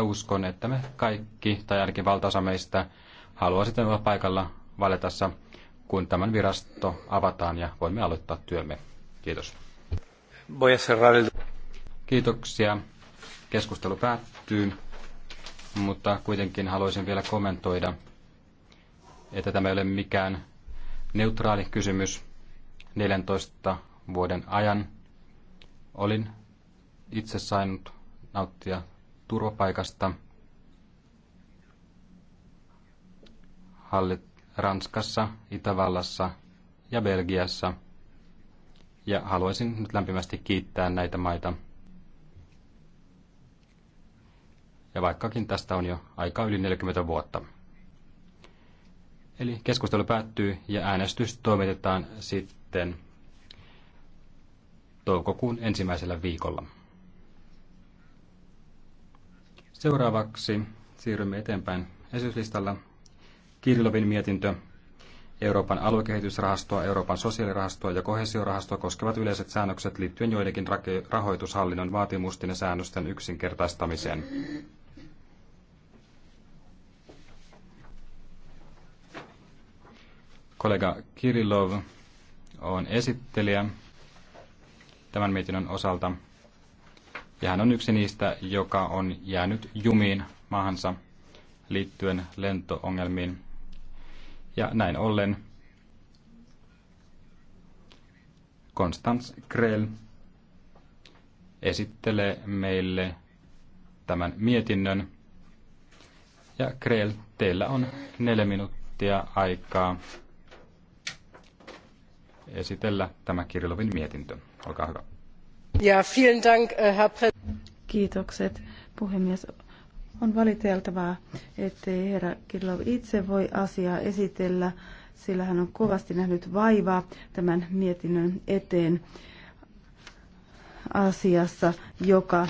uskon, että me kaikki, tai ainakin valtaosa meistä, haluaa sitten olla paikalla valetassa, kun tämän virasto avataan ja voimme aloittaa työmme. Kiitos. Kiitoksia. Keskustelu päättyy, mutta kuitenkin haluaisin vielä kommentoida, että tämä ei ole mikään neutraali kysymys. 14 vuoden ajan olin itse saanut nauttia turvapaikasta. Hallit Ranskassa, Itävallassa ja Belgiassa. Ja haluaisin nyt lämpimästi kiittää näitä maita. Ja vaikkakin tästä on jo aika yli 40 vuotta. Eli keskustelu päättyy ja äänestys toimitetaan sitten toukokuun ensimmäisellä viikolla. Seuraavaksi siirrymme eteenpäin esityslistalla. Kirilovin mietintö. Euroopan aluekehitysrahastoa, Euroopan sosiaalirahastoa ja kohesiorahastoa koskevat yleiset säännökset liittyen joidenkin rahoitushallinnon vaatimusten ja säännösten yksinkertaistamiseen. Kollega Kirilov on esittelijä tämän mietinnön osalta. Ja hän on yksi niistä, joka on jäänyt jumiin maahansa liittyen lentoongelmiin. Ja näin ollen Konstans Krell esittelee meille tämän mietinnön. Ja Krell, teillä on neljä minuuttia aikaa esitellä tämä Kirilovin mietintö. Olkaa hyvä. Ja, vielen dank, äh, Herr Kiitokset, puhemies. On valiteltavaa, ettei herra Kirlov itse voi asiaa esitellä, sillä hän on kovasti nähnyt vaivaa tämän mietinnön eteen asiassa, joka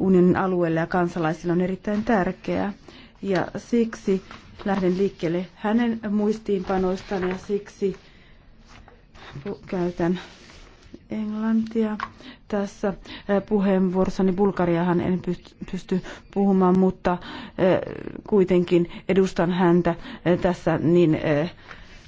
unionin alueelle ja kansalaisille on erittäin tärkeää. Ja siksi lähden liikkeelle hänen muistiinpanoistaan ja siksi käytän englantia tässä eh, puheenvuorossani. Bulgariahan en pysty puhumaan, mutta eh, kuitenkin edustan häntä eh, tässä niin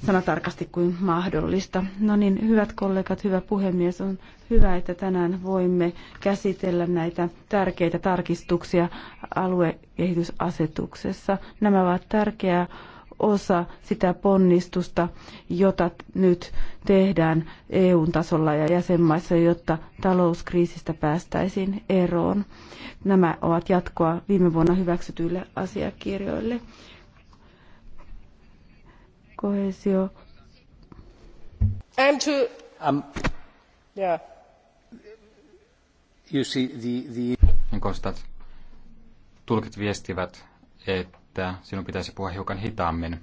sanatarkasti kuin mahdollista. No niin, hyvät kollegat, hyvä puhemies, on hyvä, että tänään voimme käsitellä näitä tärkeitä tarkistuksia aluekehitysasetuksessa. Nämä ovat tärkeää osa sitä ponnistusta, jota nyt tehdään EU-tasolla ja jäsenmaissa, jotta talouskriisistä päästäisiin eroon. Nämä ovat jatkoa viime vuonna hyväksytyille asiakirjoille. Kohesio. I'm to... Um, yeah. You see the... the... Niin Kostat, tulkit viestivät, että että sinun pitäisi puhua hiukan hitaammin,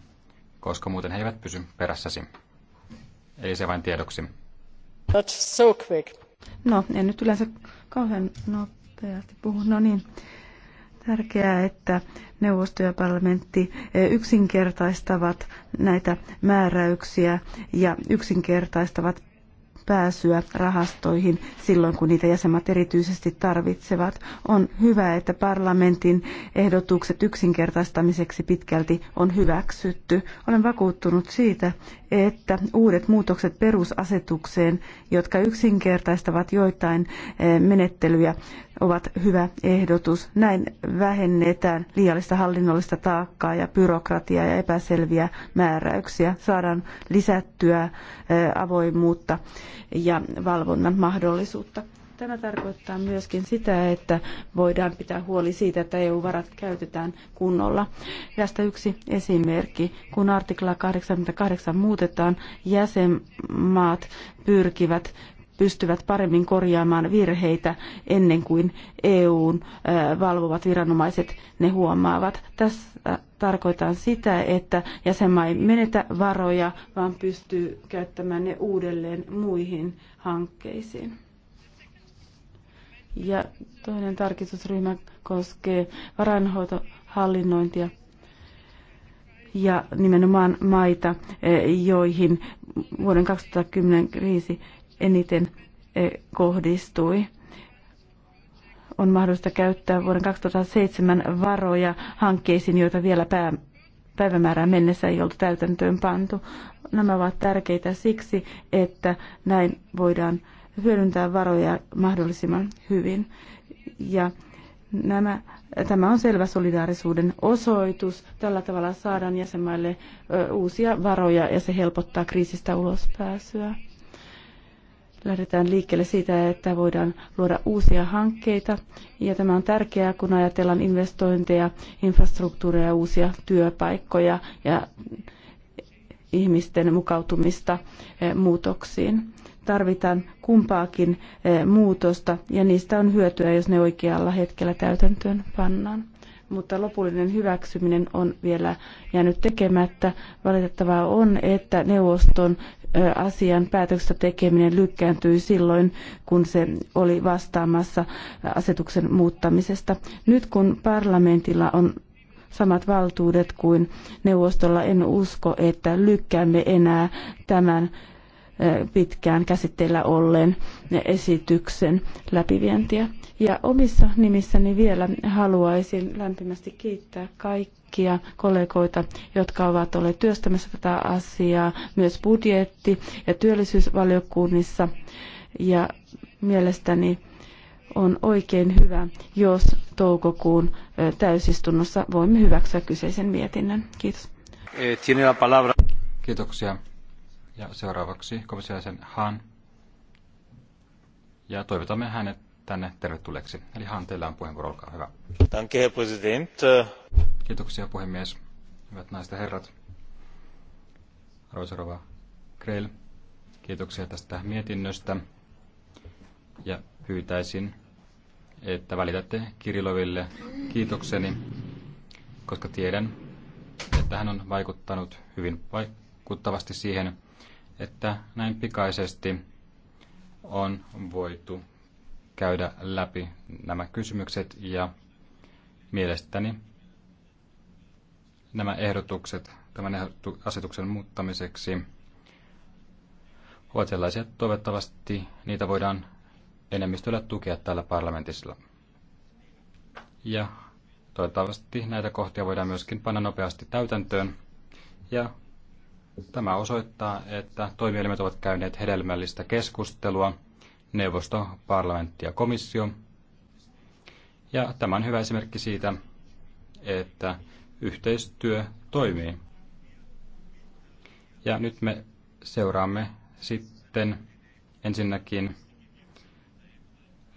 koska muuten he eivät pysy perässäsi. Eli se vain tiedoksi. That's so quick. No, en nyt yleensä kauhean nopeasti puhu. No niin, tärkeää, että neuvosto ja parlamentti eh, yksinkertaistavat näitä määräyksiä ja yksinkertaistavat pääsyä rahastoihin silloin, kun niitä jäsenmaat erityisesti tarvitsevat. On hyvä, että parlamentin ehdotukset yksinkertaistamiseksi pitkälti on hyväksytty. Olen vakuuttunut siitä, että uudet muutokset perusasetukseen, jotka yksinkertaistavat joitain eh, menettelyjä, ovat hyvä ehdotus. Näin vähennetään liiallista hallinnollista taakkaa ja byrokratiaa ja epäselviä määräyksiä. Saadaan lisättyä avoimuutta ja valvonnan mahdollisuutta. Tämä tarkoittaa myöskin sitä, että voidaan pitää huoli siitä, että EU-varat käytetään kunnolla. Tästä yksi esimerkki. Kun artikla 88 muutetaan, jäsenmaat pyrkivät pystyvät paremmin korjaamaan virheitä ennen kuin EUn valvovat viranomaiset ne huomaavat. Tässä tarkoitan sitä, että jäsenmaa ei menetä varoja, vaan pystyy käyttämään ne uudelleen muihin hankkeisiin. Ja toinen tarkistusryhmä koskee varainhoitohallinnointia ja nimenomaan maita, joihin vuoden 2010 kriisi eniten eh, kohdistui. On mahdollista käyttää vuoden 2007 varoja hankkeisiin, joita vielä pää, päivämäärään mennessä ei ollut täytäntöön pantu. Nämä ovat tärkeitä siksi, että näin voidaan hyödyntää varoja mahdollisimman hyvin. Ja nämä, tämä on selvä solidaarisuuden osoitus. Tällä tavalla saadaan jäsenmaille uusia varoja ja se helpottaa kriisistä ulospääsyä lähdetään liikkeelle siitä, että voidaan luoda uusia hankkeita. Ja tämä on tärkeää, kun ajatellaan investointeja, infrastruktuuria ja uusia työpaikkoja ja ihmisten mukautumista eh, muutoksiin. Tarvitaan kumpaakin eh, muutosta ja niistä on hyötyä, jos ne oikealla hetkellä täytäntöön pannaan mutta lopullinen hyväksyminen on vielä jäänyt tekemättä. Valitettavaa on, että neuvoston asian päätöksestä tekeminen lykkääntyi silloin, kun se oli vastaamassa asetuksen muuttamisesta. Nyt kun parlamentilla on samat valtuudet kuin neuvostolla, en usko, että lykkäämme enää tämän pitkään käsitteillä olleen esityksen läpivientiä. Ja omissa nimissäni vielä haluaisin lämpimästi kiittää kaikkia kollegoita, jotka ovat olleet työstämässä tätä asiaa myös budjetti- ja työllisyysvaliokunnissa. Ja mielestäni on oikein hyvä, jos toukokuun täysistunnossa voimme hyväksyä kyseisen mietinnön. Kiitos. Eh, Kiitoksia. Ja seuraavaksi komission Han. Ja toivotamme hänet tänne tervetulleeksi. Eli Han, teillä on puheenvuoro, olkaa hyvä. Danke, Herr Präsident. Kiitoksia puhemies. Hyvät naiset ja herrat. Arvoisa rouva Krell, kiitoksia tästä mietinnöstä. Ja pyytäisin, että välitätte Kiriloville kiitokseni, koska tiedän, että hän on vaikuttanut hyvin vaikuttavasti siihen, että näin pikaisesti on voitu käydä läpi nämä kysymykset ja mielestäni nämä ehdotukset tämän asetuksen muuttamiseksi ovat sellaisia, että toivottavasti niitä voidaan enemmistöllä tukea täällä parlamentissa. Ja toivottavasti näitä kohtia voidaan myöskin panna nopeasti täytäntöön ja Tämä osoittaa, että toimielimet ovat käyneet hedelmällistä keskustelua, neuvosto, parlamentti ja komissio. Ja tämä on hyvä esimerkki siitä, että yhteistyö toimii. Ja nyt me seuraamme sitten ensinnäkin,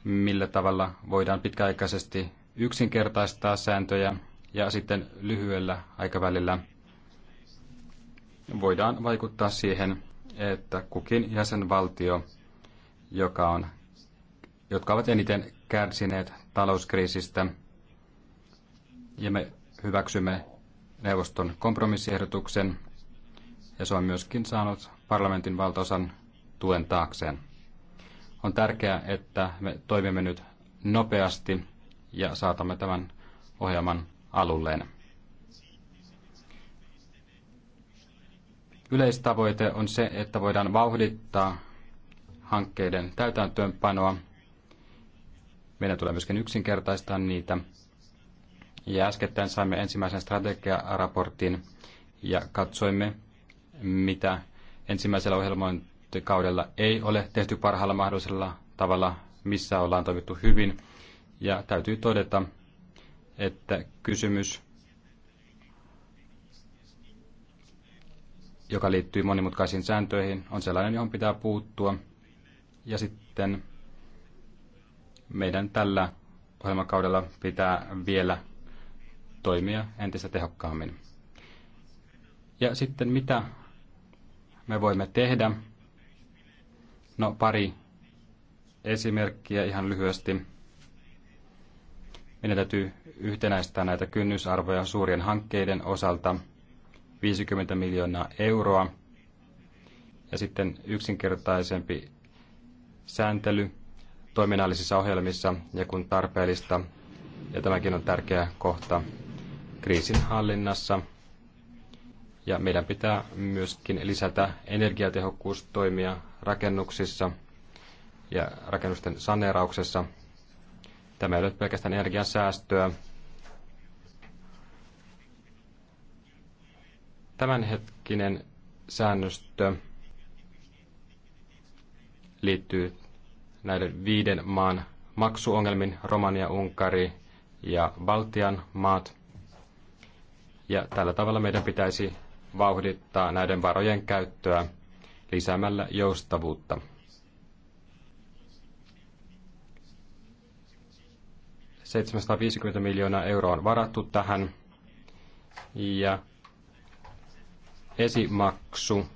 millä tavalla voidaan pitkäaikaisesti yksinkertaistaa sääntöjä ja sitten lyhyellä aikavälillä – voidaan vaikuttaa siihen, että kukin jäsenvaltio, joka on, jotka ovat eniten kärsineet talouskriisistä, ja me hyväksymme neuvoston kompromissiehdotuksen, ja se on myöskin saanut parlamentin valtaosan tuen taakseen. On tärkeää, että me toimimme nyt nopeasti ja saatamme tämän ohjelman alulleen. Yleistavoite on se, että voidaan vauhdittaa hankkeiden täytäntöönpanoa. Meidän tulee myöskin yksinkertaistaa niitä. Ja äskettäin saimme ensimmäisen strategiaraportin ja katsoimme, mitä ensimmäisellä ohjelmointikaudella ei ole tehty parhaalla mahdollisella tavalla, missä ollaan toimittu hyvin. Ja täytyy todeta, että kysymys joka liittyy monimutkaisiin sääntöihin, on sellainen, johon pitää puuttua. Ja sitten meidän tällä ohjelmakaudella pitää vielä toimia entistä tehokkaammin. Ja sitten mitä me voimme tehdä? No pari esimerkkiä ihan lyhyesti. Meidän täytyy yhtenäistää näitä kynnysarvoja suurien hankkeiden osalta – 50 miljoonaa euroa. Ja sitten yksinkertaisempi sääntely toiminnallisissa ohjelmissa ja kun tarpeellista, ja tämäkin on tärkeä kohta kriisinhallinnassa. Ja meidän pitää myöskin lisätä energiatehokkuustoimia rakennuksissa ja rakennusten saneerauksessa. Tämä ei ole pelkästään energiansäästöä, Tämänhetkinen säännöstö liittyy näiden viiden maan maksuongelmin, Romania, Unkari ja Baltian maat. Ja tällä tavalla meidän pitäisi vauhdittaa näiden varojen käyttöä lisäämällä joustavuutta. ...750 miljoonaa euroa on varattu tähän, ja esimaksu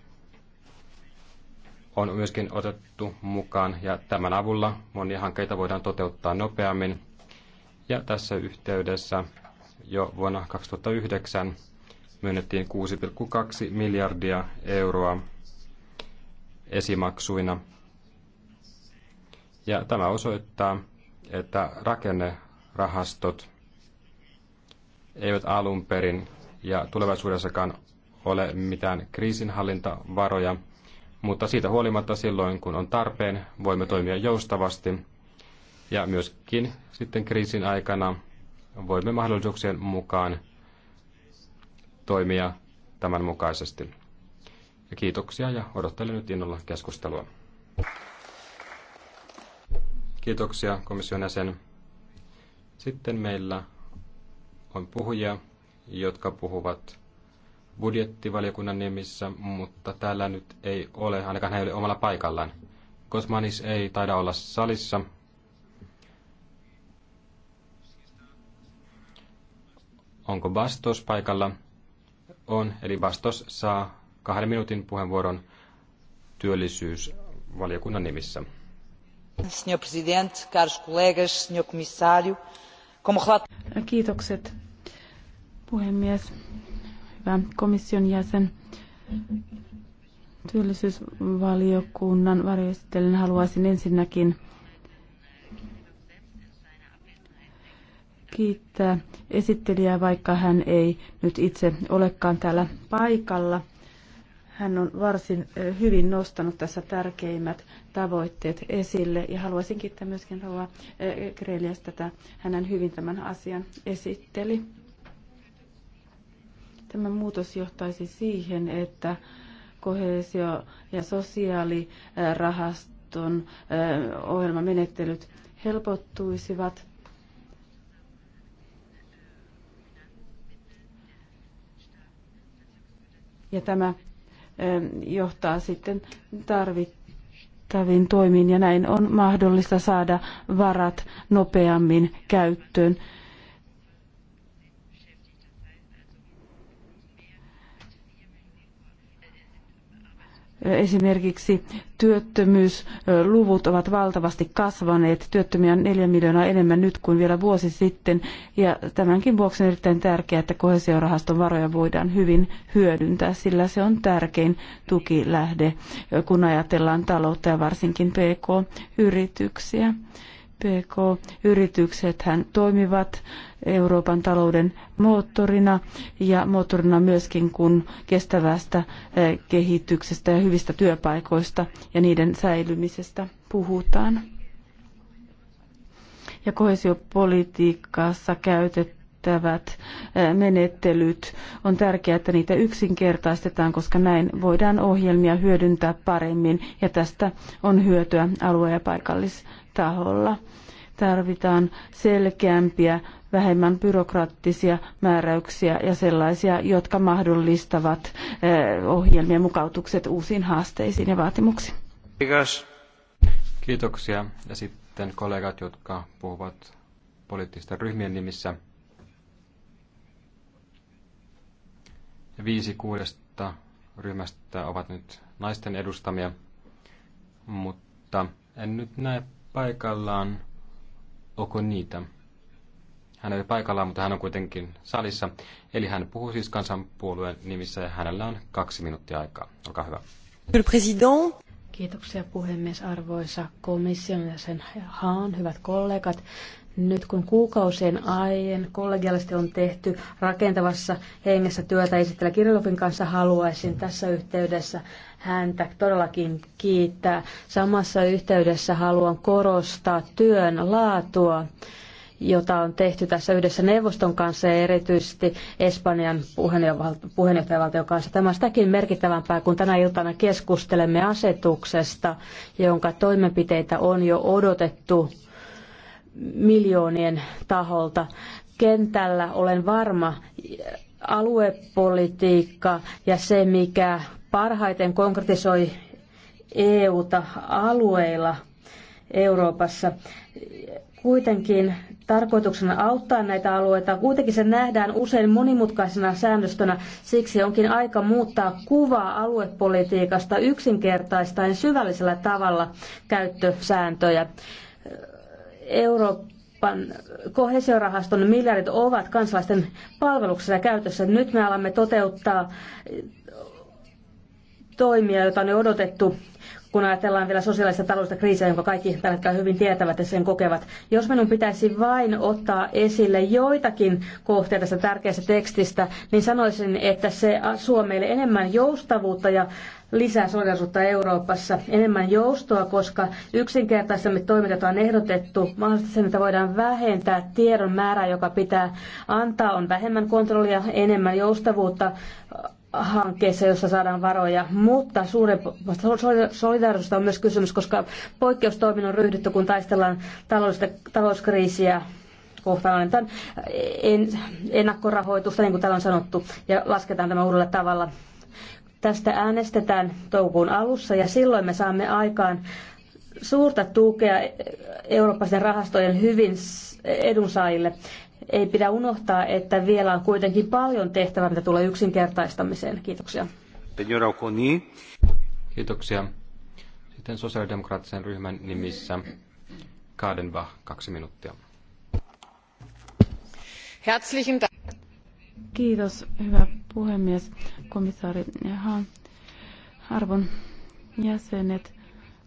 on myöskin otettu mukaan ja tämän avulla monia hankkeita voidaan toteuttaa nopeammin. Ja tässä yhteydessä jo vuonna 2009 myönnettiin 6,2 miljardia euroa esimaksuina. Ja tämä osoittaa, että rakennerahastot eivät alun perin ja tulevaisuudessakaan ole mitään kriisinhallintavaroja, mutta siitä huolimatta silloin, kun on tarpeen, voimme toimia joustavasti ja myöskin sitten kriisin aikana voimme mahdollisuuksien mukaan toimia tämän mukaisesti. Ja kiitoksia ja odottelen nyt innolla keskustelua. Kiitoksia komission jäsen. Sitten meillä on puhujia, jotka puhuvat budjettivaliokunnan nimissä, mutta täällä nyt ei ole, ainakaan hän ei ole omalla paikallaan. Kosmanis ei taida olla salissa. Onko Bastos paikalla? On, eli Bastos saa kahden minuutin puheenvuoron työllisyysvaliokunnan nimissä. Senhor presidente, caros colegas, senhor comissário, como Kiitokset, puhemies. Hyvä komission jäsen. Työllisyysvaliokunnan varjoistellen haluaisin ensinnäkin kiittää esittelijää, vaikka hän ei nyt itse olekaan täällä paikalla. Hän on varsin eh, hyvin nostanut tässä tärkeimmät tavoitteet esille ja haluaisin kiittää myöskin Rauha eh, Grelias että Hänen hyvin tämän asian esitteli. Tämä muutos johtaisi siihen, että kohesio- ja sosiaalirahaston ohjelmamenettelyt helpottuisivat. Ja tämä johtaa sitten tarvittaviin toimiin ja näin on mahdollista saada varat nopeammin käyttöön. Esimerkiksi työttömyysluvut ovat valtavasti kasvaneet. Työttömiä on neljä miljoonaa enemmän nyt kuin vielä vuosi sitten. Ja tämänkin vuoksi on erittäin tärkeää, että kohesiorahaston varoja voidaan hyvin hyödyntää, sillä se on tärkein tukilähde, kun ajatellaan taloutta ja varsinkin PK-yrityksiä. PK-yritykset toimivat Euroopan talouden moottorina ja moottorina myöskin kun kestävästä eh, kehityksestä ja hyvistä työpaikoista ja niiden säilymisestä puhutaan. Ja kohesiopolitiikassa käytetty käytettävät eh, menettelyt. On tärkeää, että niitä yksinkertaistetaan, koska näin voidaan ohjelmia hyödyntää paremmin ja tästä on hyötyä alue- ja paikallistaholla. Tarvitaan selkeämpiä, vähemmän byrokraattisia määräyksiä ja sellaisia, jotka mahdollistavat eh, ohjelmien mukautukset uusiin haasteisiin ja vaatimuksiin. Kiitos. Kiitoksia. Ja sitten kollegat, jotka puhuvat poliittisten ryhmien nimissä. Viisi kuudesta ryhmästä ovat nyt naisten edustamia, mutta en nyt näe paikallaan Oko niitä. Hän ei paikallaan, mutta hän on kuitenkin salissa. Eli hän puhuu siis kansanpuolueen nimissä ja hänellä on kaksi minuuttia aikaa. Olkaa hyvä. Kiitoksia puhemies, arvoisa komission ja sen haan, hyvät kollegat. Nyt kun kuukausien aien kollegiallisesti on tehty rakentavassa hengessä työtä esittelijä Kirilovin kanssa, haluaisin tässä yhteydessä häntä todellakin kiittää. Samassa yhteydessä haluan korostaa työn laatua jota on tehty tässä yhdessä neuvoston kanssa ja erityisesti Espanjan puheenjohtajavaltion kanssa. Tämä on sitäkin merkittävämpää, kun tänä iltana keskustelemme asetuksesta, jonka toimenpiteitä on jo odotettu miljoonien taholta. Kentällä olen varma, aluepolitiikka ja se, mikä parhaiten konkretisoi EUta alueilla Euroopassa. Kuitenkin tarkoituksena auttaa näitä alueita. Kuitenkin se nähdään usein monimutkaisena säännöstönä. Siksi onkin aika muuttaa kuvaa aluepolitiikasta yksinkertaistaen syvällisellä tavalla käyttösääntöjä Euroopan kohesiorahaston miljardit ovat kansalaisten palveluksessa ja käytössä. Nyt me alamme toteuttaa toimia, joita on odotettu kun ajatellaan vielä sosiaalista taloudellista kriisiä, jonka kaikki tällä hetkellä hyvin tietävät ja sen kokevat. Jos minun pitäisi vain ottaa esille joitakin kohteita tästä tärkeästä tekstistä, niin sanoisin, että se suo meille enemmän joustavuutta ja lisää solidaisuutta Euroopassa, enemmän joustoa, koska yksinkertaisemmin toimet, joita on ehdotettu, mahdollisesti sen, että voidaan vähentää tiedon määrää, joka pitää antaa, on vähemmän kontrollia, enemmän joustavuutta hankkeessa, jossa saadaan varoja, mutta suurempaa solidaarisuudesta on myös kysymys, koska poikkeustoimin on ryhdytty, kun taistellaan talouskriisiä kohtaan annetaan en, ennakkorahoitusta, niin kuin täällä on sanottu, ja lasketaan tämä uudella tavalla. Tästä äänestetään toukokuun alussa, ja silloin me saamme aikaan suurta tukea eurooppalaisten rahastojen hyvin edunsaajille ei pidä unohtaa, että vielä on kuitenkin paljon tehtävää, mitä tulee yksinkertaistamiseen. Kiitoksia. Kiitoksia. Sitten sosiaalidemokraattisen ryhmän nimissä Kadenbach, kaksi minuuttia. Herzlichen Dank. Kiitos, hyvä puhemies, komissaari ja arvon jäsenet.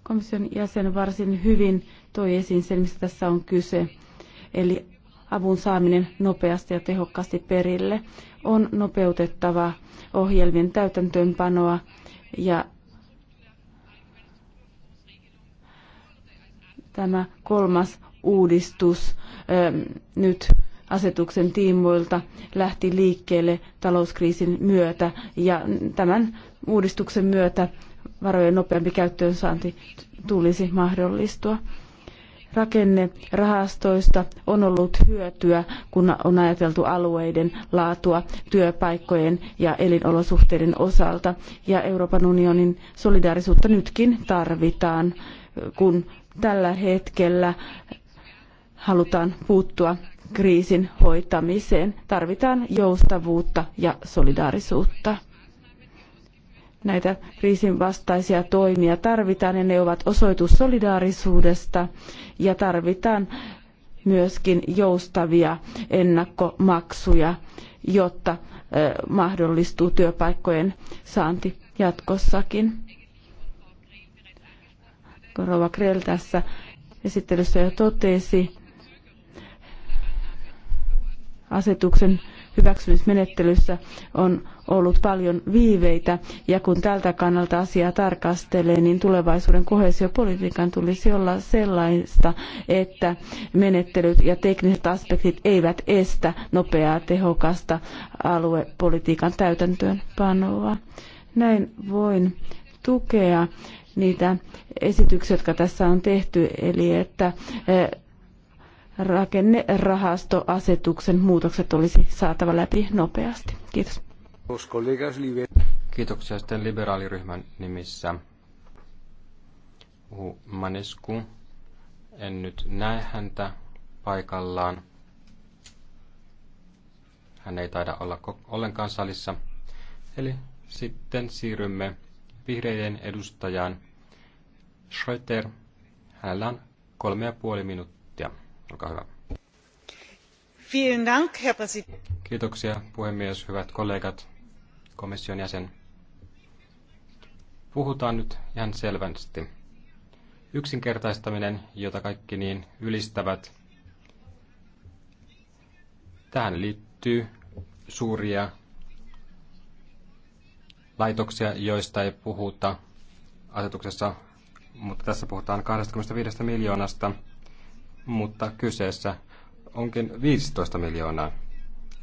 Komission jäsen varsin hyvin toi esiin sen, mistä tässä on kyse. Eli avun saaminen nopeasti ja tehokkaasti perille. On nopeutettava ohjelmien täytäntöönpanoa ja tämä kolmas uudistus ähm, nyt asetuksen tiimoilta lähti liikkeelle talouskriisin myötä ja tämän uudistuksen myötä varojen nopeampi saanti tulisi mahdollistua rakennerahastoista on ollut hyötyä, kun on ajateltu alueiden laatua työpaikkojen ja elinolosuhteiden osalta. Ja Euroopan unionin solidaarisuutta nytkin tarvitaan, kun tällä hetkellä halutaan puuttua kriisin hoitamiseen. Tarvitaan joustavuutta ja solidaarisuutta näitä kriisin vastaisia toimia tarvitaan ja ne ovat osoitus solidaarisuudesta ja tarvitaan myöskin joustavia ennakkomaksuja, jotta mahdollistuu työpaikkojen saanti jatkossakin. Rova Krell tässä esittelyssä jo totesi asetuksen hyväksymismenettelyssä on ollut paljon viiveitä ja kun tältä kannalta asiaa tarkastelee, niin tulevaisuuden koheesiopolitiikan tulisi olla sellaista, että menettelyt ja tekniset aspektit eivät estä nopeaa tehokasta aluepolitiikan täytäntöönpanoa. Näin voin tukea niitä esityksiä, jotka tässä on tehty, eli että eh, rakennerahastoasetuksen muutokset olisi saatava läpi nopeasti. Kiitos. Kiitoksia sitten liberaaliryhmän nimissä. Manesku. En nyt näe häntä paikallaan. Hän ei taida olla ollenkaan salissa. Eli sitten siirrymme vihreiden edustajaan Schröter. Hänellä on kolme ja puoli minuuttia. Olkaa hyvä. Kiitoksia puhemies, hyvät kollegat, komission jäsen. Puhutaan nyt ihan selvästi. Yksinkertaistaminen, jota kaikki niin ylistävät, tähän liittyy suuria laitoksia, joista ei puhuta asetuksessa, mutta tässä puhutaan 25 miljoonasta mutta kyseessä onkin 15 miljoonaa.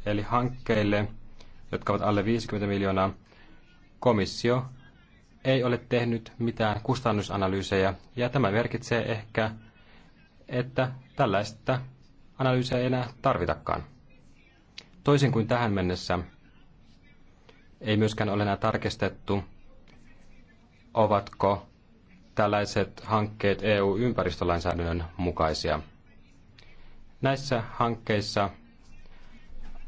Eli hankkeille, jotka ovat alle 50 miljoonaa, komissio ei ole tehnyt mitään kustannusanalyysejä, ja tämä merkitsee ehkä, että tällaista analyysiä ei enää tarvitakaan. Toisin kuin tähän mennessä, ei myöskään ole enää tarkistettu, ovatko tällaiset hankkeet EU-ympäristölainsäädännön mukaisia – Näissä hankkeissa,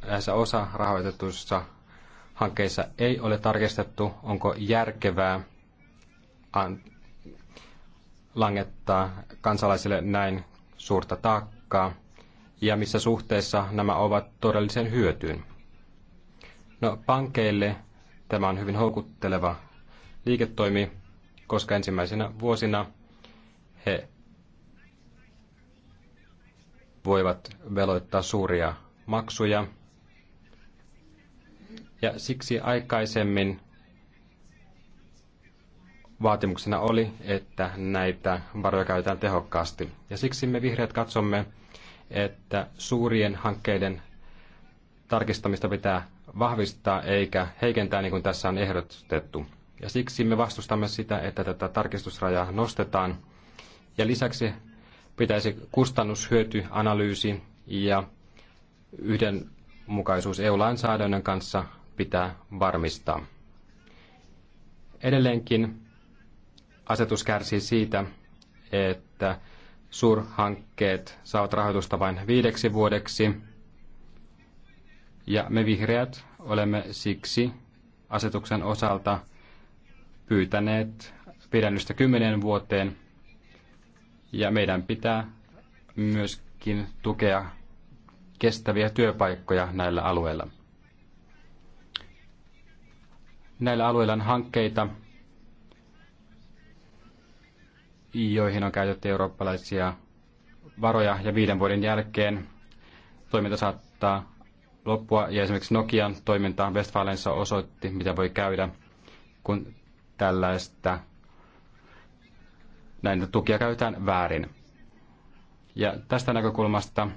näissä osa rahoitetuissa hankkeissa ei ole tarkistettu, onko järkevää langettaa kansalaisille näin suurta taakkaa ja missä suhteessa nämä ovat todellisen hyötyyn. No, pankeille tämä on hyvin houkutteleva liiketoimi, koska ensimmäisenä vuosina he voivat veloittaa suuria maksuja. Ja siksi aikaisemmin vaatimuksena oli, että näitä varoja käytetään tehokkaasti. Ja siksi me vihreät katsomme, että suurien hankkeiden tarkistamista pitää vahvistaa eikä heikentää, niin kuin tässä on ehdotettu. Ja siksi me vastustamme sitä, että tätä tarkistusrajaa nostetaan. Ja lisäksi pitäisi kustannushyötyanalyysi ja yhdenmukaisuus EU-lainsäädännön kanssa pitää varmistaa. Edelleenkin asetus kärsii siitä, että suurhankkeet saavat rahoitusta vain viideksi vuodeksi. Ja me vihreät olemme siksi asetuksen osalta pyytäneet pidennystä kymmenen vuoteen ja meidän pitää myöskin tukea kestäviä työpaikkoja näillä alueilla. Näillä alueilla on hankkeita, joihin on käytetty eurooppalaisia varoja ja viiden vuoden jälkeen toiminta saattaa loppua ja esimerkiksi Nokian toiminta Westfalenissa osoitti, mitä voi käydä, kun tällaista näin tukia käytetään väärin. Ja tästä näkökulmasta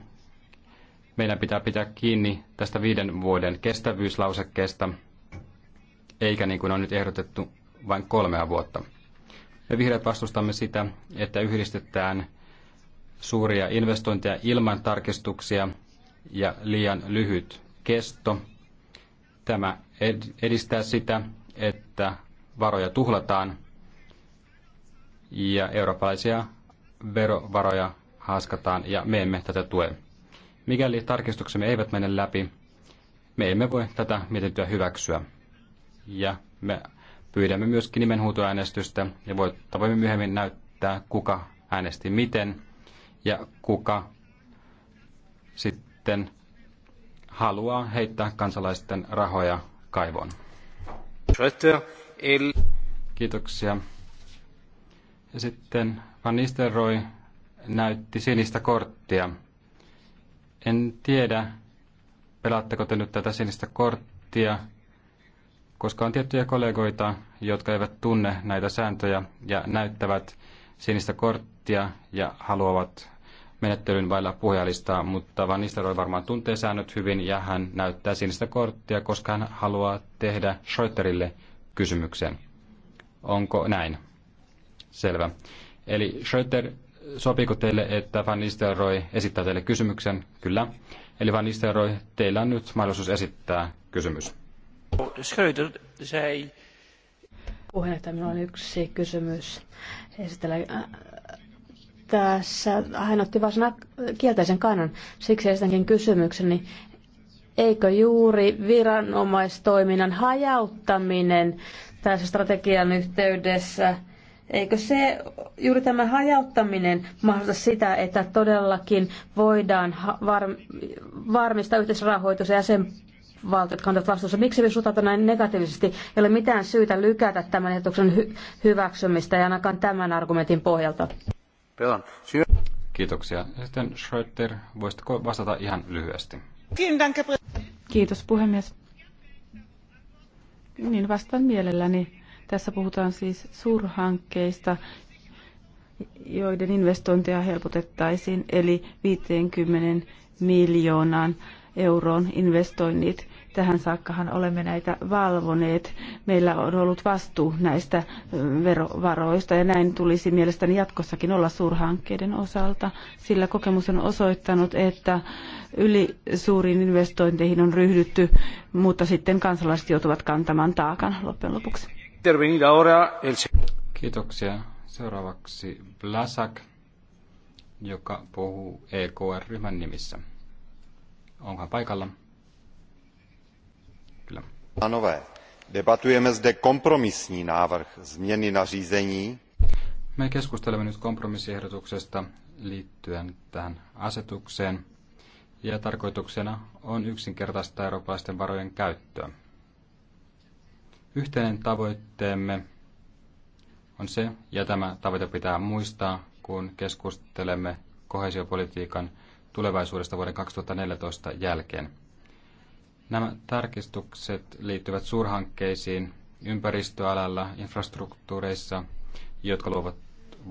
meidän pitää pitää kiinni tästä viiden vuoden kestävyyslausekkeesta, eikä niin kuin on nyt ehdotettu vain kolmea vuotta. Me vihreät vastustamme sitä, että yhdistetään suuria investointeja ilman tarkistuksia ja liian lyhyt kesto. Tämä edistää sitä, että varoja tuhlataan ja eurooppalaisia verovaroja haaskataan ja me emme tätä tue. Mikäli tarkistuksemme eivät mene läpi, me emme voi tätä mietintöä hyväksyä. Ja me pyydämme myöskin nimenhuutoäänestystä ja voimme myöhemmin näyttää, kuka äänesti miten ja kuka sitten haluaa heittää kansalaisten rahoja kaivoon. Kiitoksia. Ja sitten Van Nistelrooy näytti sinistä korttia. En tiedä, pelaatteko te nyt tätä sinistä korttia, koska on tiettyjä kollegoita, jotka eivät tunne näitä sääntöjä ja näyttävät sinistä korttia ja haluavat menettelyn vailla puhujalistaa, mutta Van Nistelrooy varmaan tuntee säännöt hyvin ja hän näyttää sinistä korttia, koska hän haluaa tehdä Schroederille kysymyksen. Onko näin? Selvä. Eli Schröter, sopiiko teille, että Van Nistelrooy esittää teille kysymyksen? Kyllä. Eli Van Nistelrooy, teillä on nyt mahdollisuus esittää kysymys. Schröter, Schröder zei... Puheenjohtaja, minulla on yksi kysymys. Esitellään äh, tässä hän otti vain kielteisen kannan. Siksi esitänkin kysymykseni, eikö juuri viranomaistoiminnan hajauttaminen tässä strategian yhteydessä Eikö se juuri tämä hajauttaminen mahdollista sitä, että todellakin voidaan var, varmistaa yhteisrahoitus ja valtiot kantavat vastuussa? Miksi me suhtautuu näin negatiivisesti? Ei ole mitään syytä lykätä tämän ehdotuksen hy- hyväksymistä ja ainakaan tämän argumentin pohjalta. Kiitoksia. sitten Schröter, voisitko vastata ihan lyhyesti? Kiitos puhemies. Niin vastaan mielelläni tässä puhutaan siis suurhankkeista, joiden investointeja helpotettaisiin, eli 50 miljoonaan euron investoinnit. Tähän saakkahan olemme näitä valvoneet. Meillä on ollut vastuu näistä verovaroista ja näin tulisi mielestäni jatkossakin olla suurhankkeiden osalta, sillä kokemus on osoittanut, että yli suuriin investointeihin on ryhdytty, mutta sitten kansalaiset joutuvat kantamaan taakan loppujen lopuksi intervenir ahora el... Kiitoksia. Seuraavaksi Blasak, joka puhuu EKR-ryhmän nimissä. Onko paikalla? Kyllä. Panové, debatujeme zde kompromisní návrh změny nařízení. Me keskustelemme nyt kompromissiehdotuksesta liittyen tähän asetukseen, ja tarkoituksena on yksinkertaistaa eurooppalaisten varojen käyttöä. Yhteinen tavoitteemme on se, ja tämä tavoite pitää muistaa, kun keskustelemme kohesiopolitiikan tulevaisuudesta vuoden 2014 jälkeen. Nämä tarkistukset liittyvät suurhankkeisiin ympäristöalalla, infrastruktuureissa, jotka luovat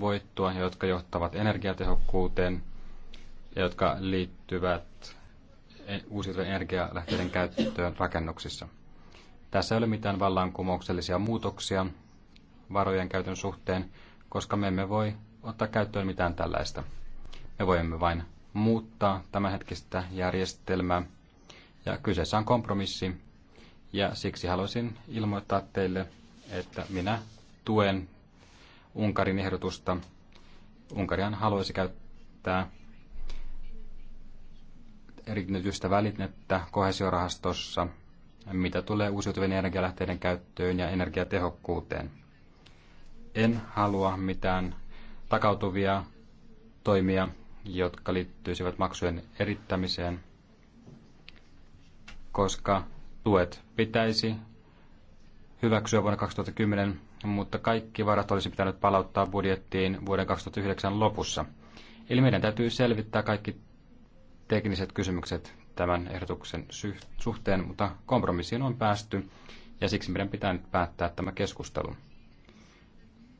voittoa ja jotka johtavat energiatehokkuuteen ja jotka liittyvät e- uusiutuvien energialähteiden käyttöön rakennuksissa. Tässä ei ole mitään vallankumouksellisia muutoksia varojen käytön suhteen, koska me emme voi ottaa käyttöön mitään tällaista. Me voimme vain muuttaa tämänhetkistä järjestelmää. Ja kyseessä on kompromissi, ja siksi haluaisin ilmoittaa teille, että minä tuen Unkarin ehdotusta. Unkarian haluaisi käyttää erityistä välinettä kohesiorahastossa – mitä tulee uusiutuvien energialähteiden käyttöön ja energiatehokkuuteen. En halua mitään takautuvia toimia, jotka liittyisivät maksujen erittämiseen, koska tuet pitäisi hyväksyä vuonna 2010, mutta kaikki varat olisi pitänyt palauttaa budjettiin vuoden 2009 lopussa. Eli meidän täytyy selvittää kaikki tekniset kysymykset tämän ehdotuksen suhteen, mutta kompromissiin on päästy ja siksi meidän pitää nyt päättää tämä keskustelu.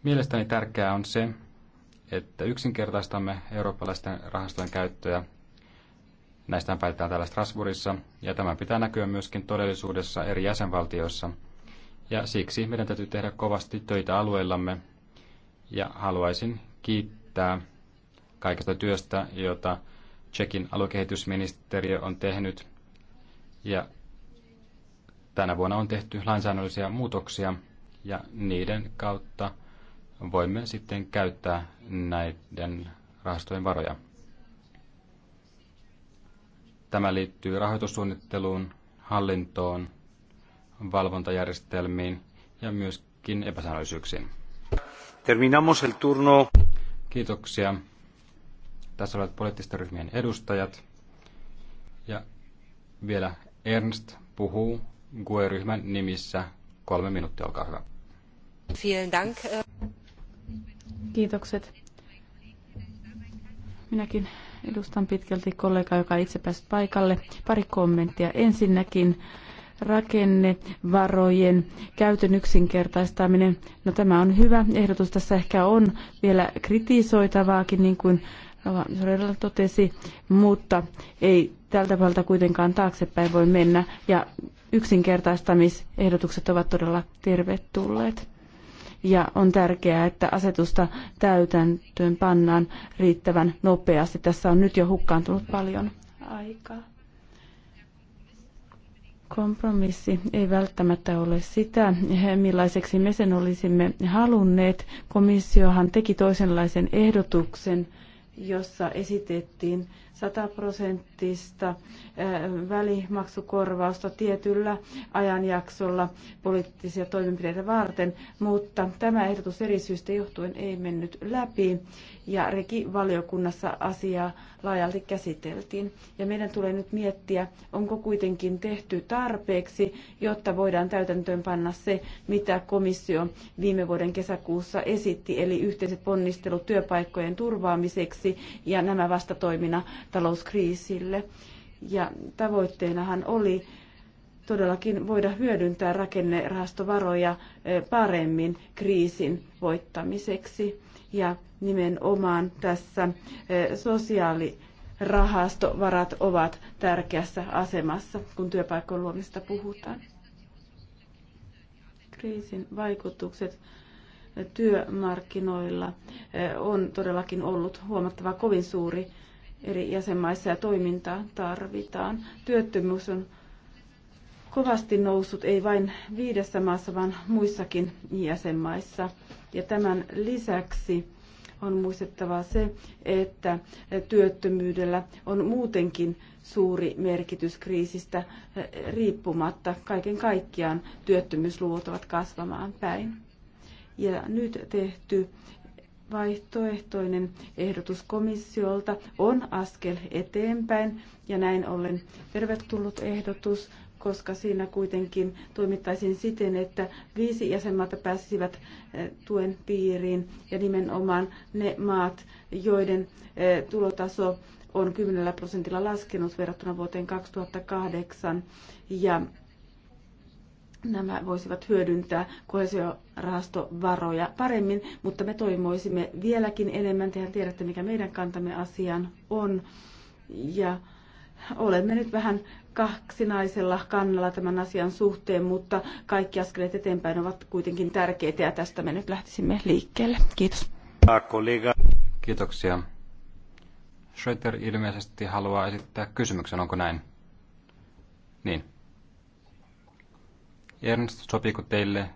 Mielestäni tärkeää on se, että yksinkertaistamme eurooppalaisten rahastojen käyttöä. Näistä päätetään täällä Strasbourgissa ja tämä pitää näkyä myöskin todellisuudessa eri jäsenvaltioissa. Ja siksi meidän täytyy tehdä kovasti töitä alueillamme ja haluaisin kiittää kaikesta työstä, jota Tsekin aluekehitysministeriö on tehnyt. Ja tänä vuonna on tehty lainsäädännöllisiä muutoksia ja niiden kautta voimme sitten käyttää näiden rahastojen varoja. Tämä liittyy rahoitussuunnitteluun, hallintoon, valvontajärjestelmiin ja myöskin epäsäännöllisyyksiin. Terminamos el turno. Kiitoksia. Tässä olivat poliittisten ryhmien edustajat. Ja vielä Ernst puhuu GUE-ryhmän nimissä. Kolme minuuttia, olkaa hyvä. Vielen Dank. Kiitokset. Minäkin edustan pitkälti kollega joka itse pääsi paikalle. Pari kommenttia. Ensinnäkin rakennevarojen käytön yksinkertaistaminen. No tämä on hyvä ehdotus. Tässä ehkä on vielä kritisoitavaakin, niin kuin Ravansorella totesi, mutta ei tältä puolelta kuitenkaan taaksepäin voi mennä ja yksinkertaistamisehdotukset ovat todella tervetulleet. Ja on tärkeää, että asetusta täytäntöön pannaan riittävän nopeasti. Tässä on nyt jo hukkaantunut paljon aikaa. Kompromissi ei välttämättä ole sitä, millaiseksi me sen olisimme halunneet. Komissiohan teki toisenlaisen ehdotuksen jossa esitettiin sataprosenttista eh, välimaksukorvausta tietyllä ajanjaksolla poliittisia toimenpiteitä varten, mutta tämä ehdotus eri syystä johtuen ei mennyt läpi ja Regi-valiokunnassa asiaa laajalti käsiteltiin. Ja meidän tulee nyt miettiä, onko kuitenkin tehty tarpeeksi, jotta voidaan täytäntöönpanna se, mitä komissio viime vuoden kesäkuussa esitti, eli yhteiset ponnistelut työpaikkojen turvaamiseksi ja nämä vastatoimina talouskriisille. Ja tavoitteenahan oli todellakin voida hyödyntää rakennerahastovaroja paremmin kriisin voittamiseksi. Ja nimenomaan tässä sosiaalirahastovarat ovat tärkeässä asemassa, kun työpaikkojen luomista puhutaan. Kriisin vaikutukset työmarkkinoilla on todellakin ollut huomattava kovin suuri eri jäsenmaissa ja toimintaa tarvitaan. Työttömyys on kovasti noussut, ei vain viidessä maassa, vaan muissakin jäsenmaissa. Ja tämän lisäksi on muistettava se, että työttömyydellä on muutenkin suuri merkitys kriisistä riippumatta. Kaiken kaikkiaan työttömyysluvut ovat kasvamaan päin. Ja nyt tehty vaihtoehtoinen ehdotus komissiolta on askel eteenpäin ja näin ollen tervetullut ehdotus, koska siinä kuitenkin toimittaisiin siten, että viisi jäsenmaata pääsisivät eh, tuen piiriin ja nimenomaan ne maat, joiden eh, tulotaso on 10 prosentilla laskenut verrattuna vuoteen 2008 ja nämä voisivat hyödyntää kohesiorahastovaroja paremmin, mutta me toivoisimme vieläkin enemmän. Tehän tiedätte, mikä meidän kantamme asiaan on. Ja olemme nyt vähän kaksinaisella kannalla tämän asian suhteen, mutta kaikki askeleet eteenpäin ovat kuitenkin tärkeitä ja tästä me nyt lähtisimme liikkeelle. Kiitos. Kiitoksia. Schroeder ilmeisesti haluaa esittää kysymyksen, onko näin? Niin. Ernst, sopiiko teille,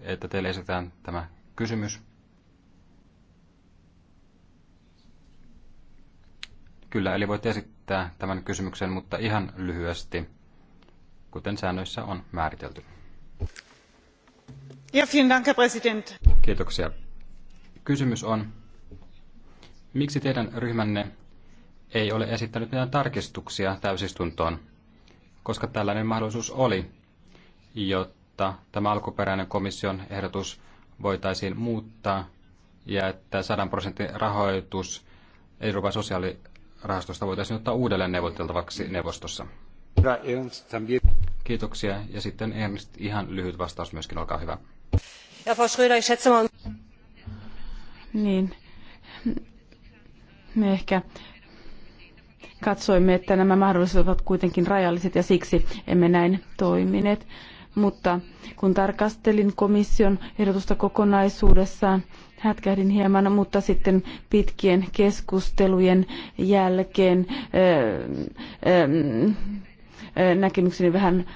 että teille esitetään tämä kysymys? Kyllä, eli voit esittää tämän kysymyksen, mutta ihan lyhyesti, kuten säännöissä on määritelty. Ja, vielen Dank, Herr Präsident. Kiitoksia. Kysymys on, miksi teidän ryhmänne ei ole esittänyt mitään tarkistuksia täysistuntoon, koska tällainen mahdollisuus oli jotta tämä alkuperäinen komission ehdotus voitaisiin muuttaa ja että 100 prosentin rahoitus Euroopan sosiaalirahastosta voitaisiin ottaa uudelleen neuvoteltavaksi neuvostossa. Kiitoksia. Ja sitten Ernst, ihan lyhyt vastaus myöskin, olkaa hyvä. Ja Frau Schröder, ich schätze mal... Niin. Me ehkä katsoimme, että nämä mahdollisuudet ovat kuitenkin rajalliset ja siksi emme näin toimineet mutta kun tarkastelin komission ehdotusta kokonaisuudessaan, hätkähdin hieman, mutta sitten pitkien keskustelujen jälkeen ö, näkemykseni vähän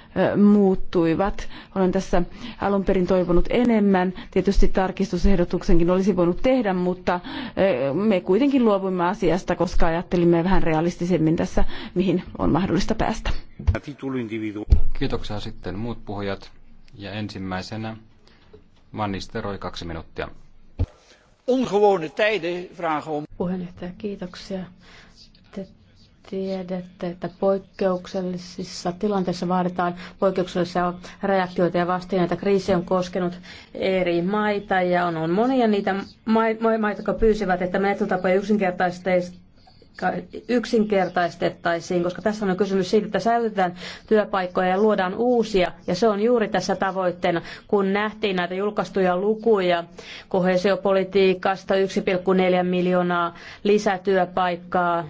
muuttuivat. Olen tässä alun perin toivonut enemmän. Tietysti tarkistusehdotuksenkin olisi voinut tehdä, mutta me kuitenkin luovuimme asiasta, koska ajattelimme vähän realistisemmin tässä, mihin on mahdollista päästä. Kiitoksia sitten muut puhujat. Ja ensimmäisenä Vannisteroi kaksi minuuttia. Ongewone tijden vragen om. Puheenjohtaja, kiitoksia tiedätte, että poikkeuksellisissa tilanteissa vaaditaan poikkeuksellisia reaktioita ja vastineita. Kriisi on koskenut eri maita ja on, on monia niitä maita, jotka pyysivät, että menettelytapoja yksinkertaistettaisiin, koska tässä on kysymys siitä, että säilytetään työpaikkoja ja luodaan uusia. Ja se on juuri tässä tavoitteena, kun nähtiin näitä julkaistuja lukuja kohesiopolitiikasta 1,4 miljoonaa lisätyöpaikkaa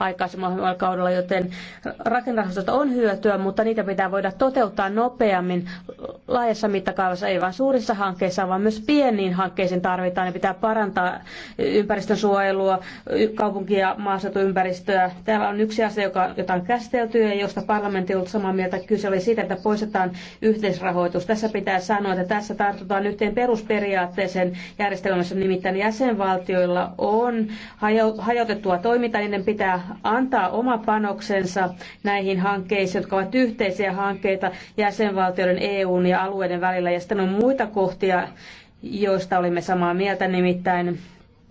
aikaisemmalla kaudella, joten rakennerahastosta on hyötyä, mutta niitä pitää voida toteuttaa nopeammin laajassa mittakaavassa, ei vain suurissa hankkeissa, vaan myös pieniin hankkeisiin tarvitaan. Ne pitää parantaa ympäristön suojelua, kaupunki- ja maaseutuympäristöä. Täällä on yksi asia, joka, jota on käsitelty ja josta parlamentti on ollut samaa mieltä. Kyse oli siitä, että poistetaan yhteisrahoitus. Tässä pitää sanoa, että tässä tartutaan yhteen perusperiaatteeseen järjestelmässä, nimittäin jäsenvaltioilla on hajautettua toimintaa, niiden pitää antaa oma panoksensa näihin hankkeisiin, jotka ovat yhteisiä hankkeita jäsenvaltioiden, EUn ja alueiden välillä. Ja sitten on muita kohtia, joista olimme samaa mieltä, nimittäin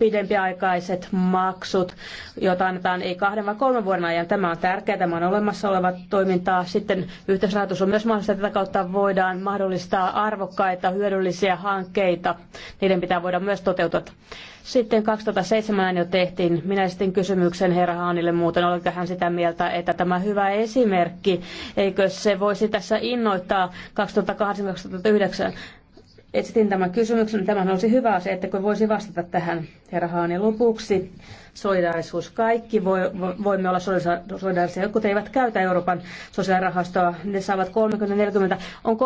pidempiaikaiset maksut, joita annetaan ei kahden vaan kolmen vuoden ajan. Tämä on tärkeää, tämä on olemassa oleva toimintaa. Sitten yhteisrahoitus on myös mahdollista, tätä kautta voidaan mahdollistaa arvokkaita, hyödyllisiä hankkeita. Niiden pitää voida myös toteutua. Sitten 2007 jo tehtiin, minä esitin kysymyksen herra Haanille muuten, oliko hän sitä mieltä, että tämä hyvä esimerkki, eikö se voisi tässä innoittaa 2008 etsitin tämän kysymyksen. Tämä olisi hyvä asia, että kun voisi vastata tähän herra Haani lopuksi. Solidaarisuus kaikki. voimme olla solidaarisia. Jotkut eivät käytä Euroopan sosiaalirahastoa. Ne saavat 30-40. On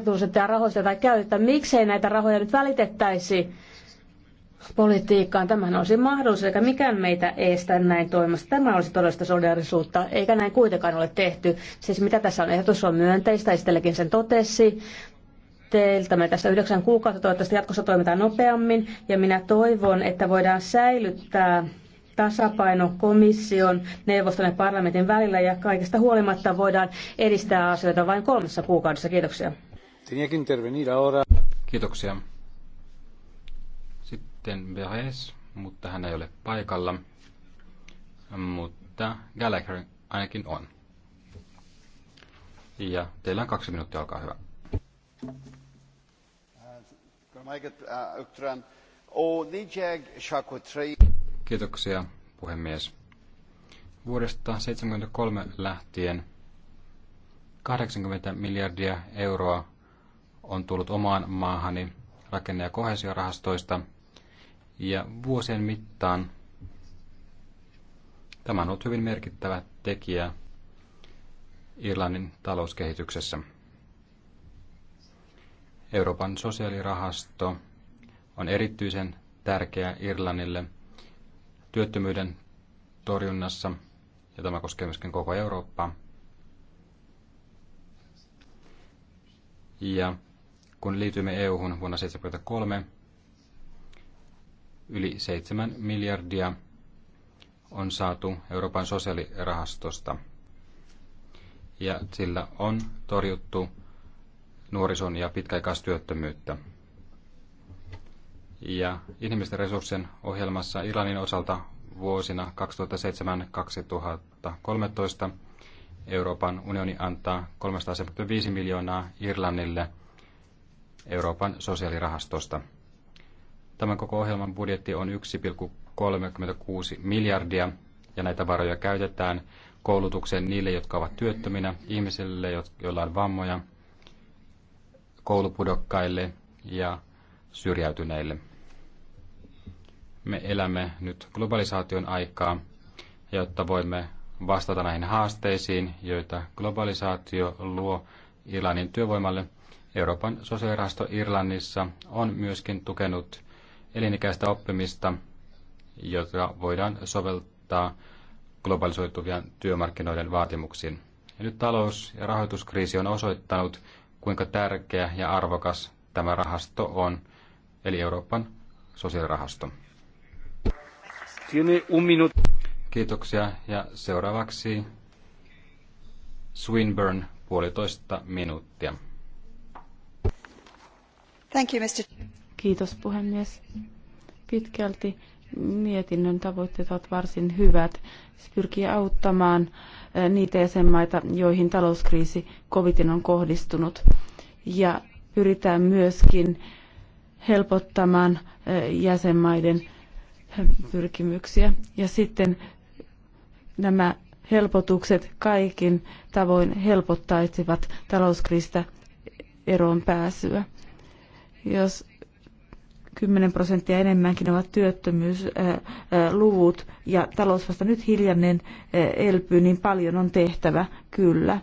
30-40 prosenttia rahoista tai käytettä. Miksei näitä rahoja nyt välitettäisi politiikkaan? Tämähän olisi mahdollisuus, eikä mikään meitä estä näin toimasta. Tämä olisi todellista solidaarisuutta, eikä näin kuitenkaan ole tehty. Siis mitä tässä on ehdotus on myönteistä, Istellekin sen totesi teiltämme tässä yhdeksän kuukautta. Toivottavasti jatkossa toimitaan nopeammin ja minä toivon, että voidaan säilyttää tasapaino komission, neuvoston ja parlamentin välillä ja kaikesta huolimatta voidaan edistää asioita vain kolmessa kuukaudessa. Kiitoksia. Kiitoksia. Sitten Behes, mutta hän ei ole paikalla, mutta Gallagher ainakin on. Ja teillä on kaksi minuuttia, olkaa hyvä. Kiitoksia, puhemies. Vuodesta 1973 lähtien 80 miljardia euroa on tullut omaan maahani rakenne- ja kohesiorahastoista, ja vuosien mittaan tämä on ollut hyvin merkittävä tekijä Irlannin talouskehityksessä. Euroopan sosiaalirahasto on erityisen tärkeä Irlannille työttömyyden torjunnassa, ja tämä koskee myöskin koko Eurooppaa. Ja kun liityimme EU-hun vuonna 1973, yli 7 miljardia on saatu Euroopan sosiaalirahastosta. Ja sillä on torjuttu nuorison ja pitkäaikaistyöttömyyttä. Ja ihmisten resurssien ohjelmassa Iranin osalta vuosina 2007-2013 Euroopan unioni antaa 375 miljoonaa Irlannille Euroopan sosiaalirahastosta. Tämän koko ohjelman budjetti on 1,36 miljardia ja näitä varoja käytetään koulutukseen niille, jotka ovat työttöminä, ihmisille, joilla on vammoja – koulupudokkaille ja syrjäytyneille. Me elämme nyt globalisaation aikaa, jotta voimme vastata näihin haasteisiin, joita globalisaatio luo Irlannin työvoimalle. Euroopan sosiaalirahasto Irlannissa on myöskin tukenut elinikäistä oppimista, jota voidaan soveltaa globalisoituvien työmarkkinoiden vaatimuksiin. Ja nyt talous- ja rahoituskriisi on osoittanut, kuinka tärkeä ja arvokas tämä rahasto on, eli Euroopan sosiaalirahasto. Kiitoksia ja seuraavaksi Swinburne puolitoista minuuttia. Thank you, Mr. Kiitos puhemies. Pitkälti mietinnön tavoitteet ovat varsin hyvät. Se pyrkii auttamaan niitä jäsenmaita, joihin talouskriisi kovitin on kohdistunut. Ja pyritään myöskin helpottamaan jäsenmaiden pyrkimyksiä. Ja sitten nämä helpotukset kaikin tavoin helpottaisivat talouskriisistä eroon pääsyä. Jos 10 prosenttia enemmänkin ovat työttömyysluvut ja talous vasta nyt hiljainen elpyy, niin paljon on tehtävä kyllä.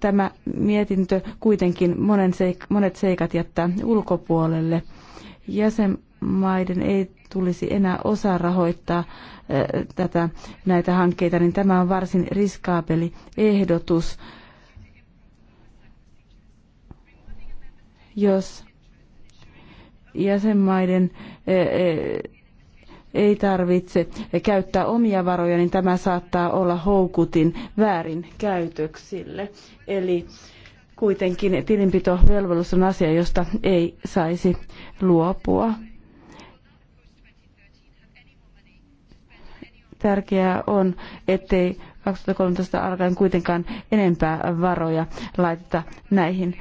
Tämä mietintö kuitenkin monen seik- monet seikat jättää ulkopuolelle. Jäsenmaiden ei tulisi enää osaa rahoittaa tätä, näitä hankkeita, niin tämä on varsin riskaapeli ehdotus. Jos jäsenmaiden eh, eh, ei tarvitse käyttää omia varoja, niin tämä saattaa olla houkutin väärinkäytöksille. Eli kuitenkin tilinpitovelvollisuus on asia, josta ei saisi luopua. Tärkeää on, ettei 2013 alkaen kuitenkaan enempää varoja laiteta näihin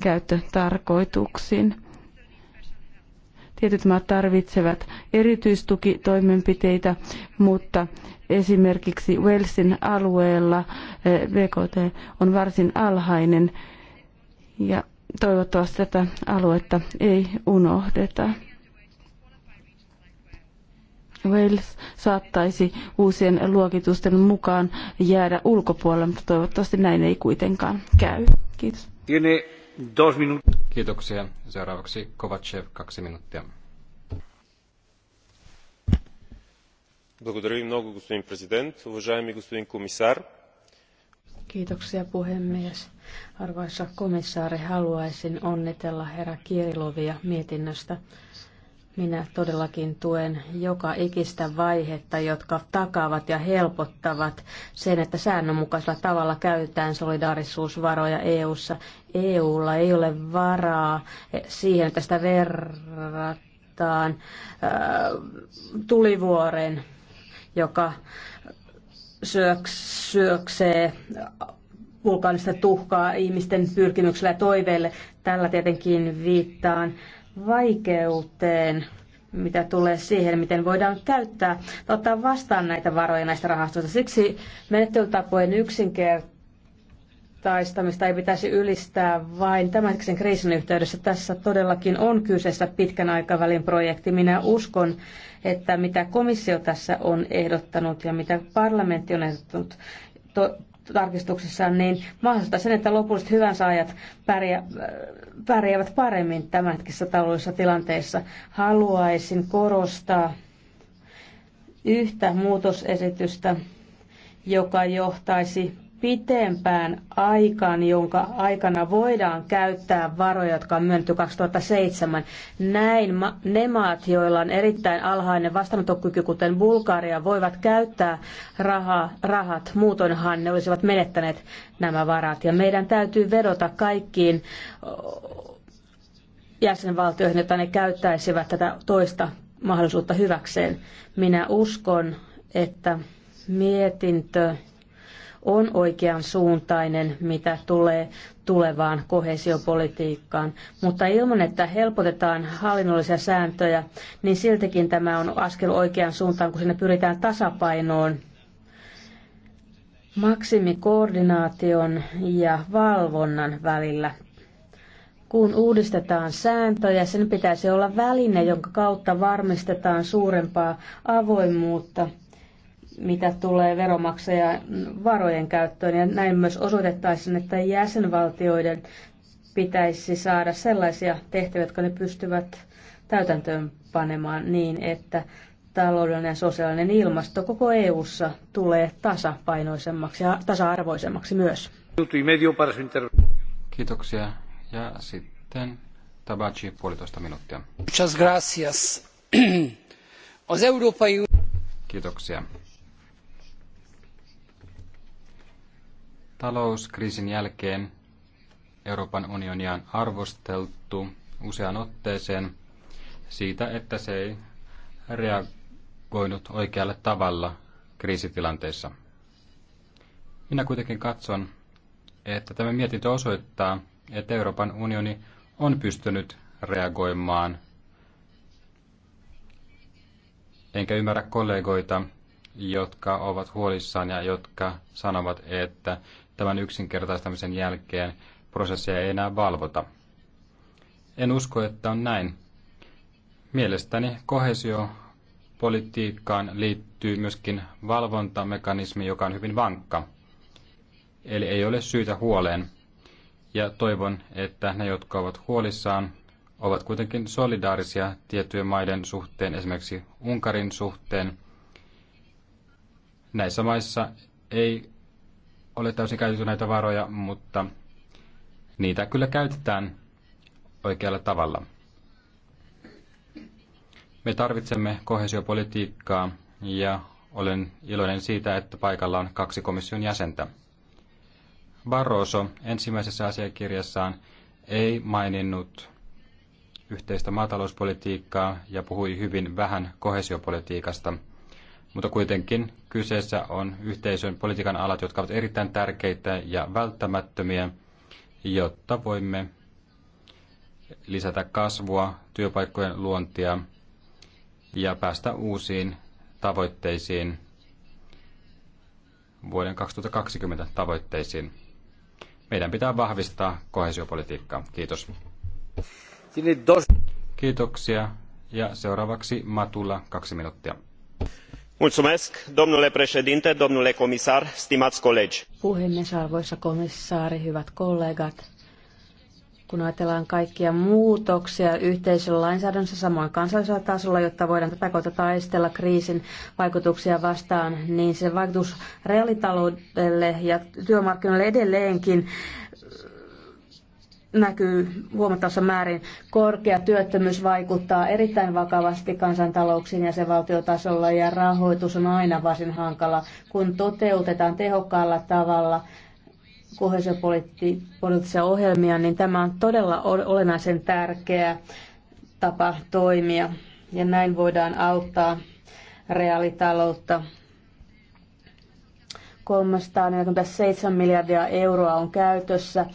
käyttötarkoituksiin Tietyt maat tarvitsevat erityistukitoimenpiteitä, mutta esimerkiksi Walesin alueella eh, BKT on varsin alhainen ja toivottavasti tätä aluetta ei unohdeta. Wales saattaisi uusien luokitusten mukaan jäädä ulkopuolelle, mutta toivottavasti näin ei kuitenkaan käy. Kiitos. Kiitoksia. Seuraavaksi Kovacev, kaksi minuuttia. Kiitoksia puhemies. Arvoisa komissaari, haluaisin onnitella herra Kirilovia mietinnöstä. Minä todellakin tuen joka ikistä vaihetta, jotka takaavat ja helpottavat sen, että säännönmukaisella tavalla käytetään solidaarisuusvaroja EU:ssa. EUlla ei ole varaa eh, siihen, että sitä verrataan äh, tulivuoren, joka syöksee vulkaanista tuhkaa ihmisten pyrkimyksellä ja toiveille. Tällä tietenkin viittaan vaikeuteen, mitä tulee siihen, miten voidaan käyttää, ottaa vastaan näitä varoja näistä rahastoista. Siksi menettelytapojen yksinkertaistamista ei pitäisi ylistää vain tämänhetkisen kriisin yhteydessä. Tässä todellakin on kyseessä pitkän aikavälin projekti. Minä uskon, että mitä komissio tässä on ehdottanut ja mitä parlamentti on ehdottanut, tarkistuksessaan, niin mahdollista sen, että lopulliset hyvän saajat pärjää, pärjäävät paremmin tämänhetkisessä taloudellisessa tilanteessa. Haluaisin korostaa yhtä muutosesitystä, joka johtaisi pitempään aikaan, jonka aikana voidaan käyttää varoja, jotka on myönnetty 2007. Näin ne maat, joilla on erittäin alhainen vastaanottokyky, kuten Bulgaria, voivat käyttää raha, rahat. Muutoinhan ne olisivat menettäneet nämä varat. Ja meidän täytyy vedota kaikkiin jäsenvaltioihin, että ne käyttäisivät tätä toista mahdollisuutta hyväkseen. Minä uskon, että mietintö on oikean suuntainen, mitä tulee tulevaan kohesiopolitiikkaan. Mutta ilman, että helpotetaan hallinnollisia sääntöjä, niin siltikin tämä on askel oikeaan suuntaan, kun sinne pyritään tasapainoon maksimikoordinaation ja valvonnan välillä. Kun uudistetaan sääntöjä, sen pitäisi olla väline, jonka kautta varmistetaan suurempaa avoimuutta – mitä tulee veromaksajan varojen käyttöön. Ja näin myös osoitettaisiin, että jäsenvaltioiden pitäisi saada sellaisia tehtäviä, jotka ne pystyvät täytäntöön panemaan niin, että taloudellinen ja sosiaalinen ilmasto koko EU:ssa tulee tasapainoisemmaksi ja tasa-arvoisemmaksi myös. Kiitoksia. Ja sitten Tabaci, puolitoista minuuttia. gracias. Kiitoksia. Talouskriisin jälkeen Euroopan unionia on arvosteltu useaan otteeseen siitä, että se ei reagoinut oikealla tavalla kriisitilanteissa. Minä kuitenkin katson, että tämä mietintö osoittaa, että Euroopan unioni on pystynyt reagoimaan. Enkä ymmärrä kollegoita, jotka ovat huolissaan ja jotka sanovat, että tämän yksinkertaistamisen jälkeen prosessia ei enää valvota. En usko, että on näin. Mielestäni kohesiopolitiikkaan liittyy myöskin valvontamekanismi, joka on hyvin vankka. Eli ei ole syytä huoleen. Ja toivon, että ne, jotka ovat huolissaan, ovat kuitenkin solidaarisia tiettyjen maiden suhteen, esimerkiksi Unkarin suhteen. Näissä maissa ei ole täysin käytetty näitä varoja, mutta niitä kyllä käytetään oikealla tavalla. Me tarvitsemme kohesiopolitiikkaa ja olen iloinen siitä, että paikalla on kaksi komission jäsentä. Barroso ensimmäisessä asiakirjassaan ei maininnut yhteistä maatalouspolitiikkaa ja puhui hyvin vähän kohesiopolitiikasta – mutta kuitenkin kyseessä on yhteisön politiikan alat, jotka ovat erittäin tärkeitä ja välttämättömiä, jotta voimme lisätä kasvua, työpaikkojen luontia ja päästä uusiin tavoitteisiin, vuoden 2020 tavoitteisiin. Meidän pitää vahvistaa kohesiopolitiikkaa. Kiitos. Kiitoksia. Ja seuraavaksi Matula kaksi minuuttia puhemies arvoisa komissaari hyvät kollegat kun ajatellaan kaikkia muutoksia yhteisön lainsäädännössä samoin kansallisella tasolla jotta voidaan tätä kautta taistella kriisin vaikutuksia vastaan niin sen vaikutus reaalitaloudelle ja työmarkkinoille edelleenkin näkyy huomattavassa määrin. Korkea työttömyys vaikuttaa erittäin vakavasti kansantalouksiin ja sen valtiotasolla ja rahoitus on aina varsin hankala, kun toteutetaan tehokkaalla tavalla kohesiopoliittisia ohjelmia, niin tämä on todella olennaisen tärkeä tapa toimia. Ja näin voidaan auttaa reaalitaloutta 347 miljardia euroa on käytössä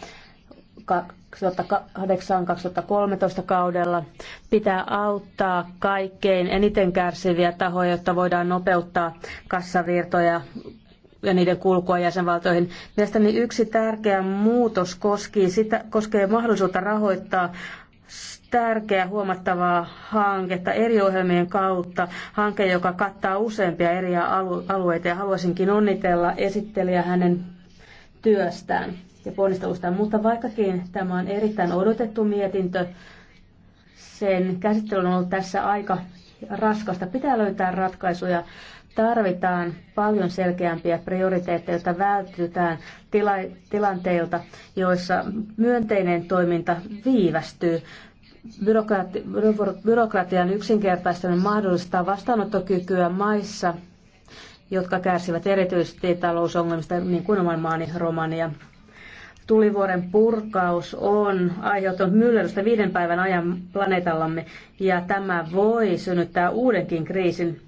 2008-2013 kaudella pitää auttaa kaikkein eniten kärsiviä tahoja, jotta voidaan nopeuttaa kassavirtoja ja niiden kulkua jäsenvaltoihin. Mielestäni yksi tärkeä muutos koskee, sitä, koskee mahdollisuutta rahoittaa tärkeä huomattavaa hanketta eri ohjelmien kautta, hanke, joka kattaa useampia eri alueita ja haluaisinkin onnitella esittelijä hänen työstään ja ponnistelusta. Mutta vaikkakin tämä on erittäin odotettu mietintö, sen käsittely on ollut tässä aika raskasta. Pitää löytää ratkaisuja. Tarvitaan paljon selkeämpiä prioriteetteja, jotta vältytään tila- tilanteilta, joissa myönteinen toiminta viivästyy. Byrokrati- byrokratian yksinkertaistaminen mahdollistaa vastaanottokykyä maissa, jotka kärsivät erityisesti talousongelmista, niin kuin oman maani Romania tulivuoren purkaus on aiheuttanut myllerrystä viiden päivän ajan planeetallamme ja tämä voi synnyttää uudenkin kriisin.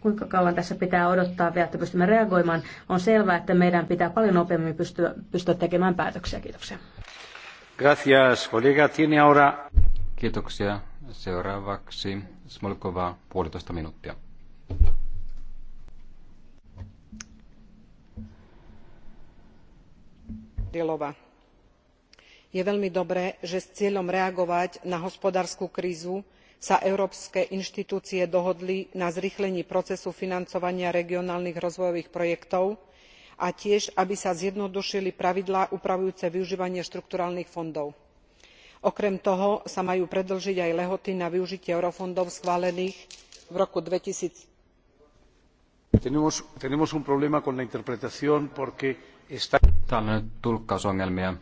Kuinka kauan tässä pitää odottaa vielä, että pystymme reagoimaan? On selvää, että meidän pitää paljon nopeammin pystyä, pystyä tekemään päätöksiä. Kiitoksia. Gracias, colega. Tiene ahora... Kiitoksia. Seuraavaksi Smolkova puolitoista minuuttia. delova. je veľmi dobré že s cieľom reagovať na hospodársku krízu sa európske inštitúcie dohodli na zrýchlení procesu financovania regionálnych rozvojových projektov a tiež aby sa zjednodušili pravidlá upravujúce využívanie štrukturálnych fondov. okrem toho sa majú predĺžiť aj lehoty na využitie eurofondov schválených v roku. two thousand Täällä on nyt tulkkausongelmia.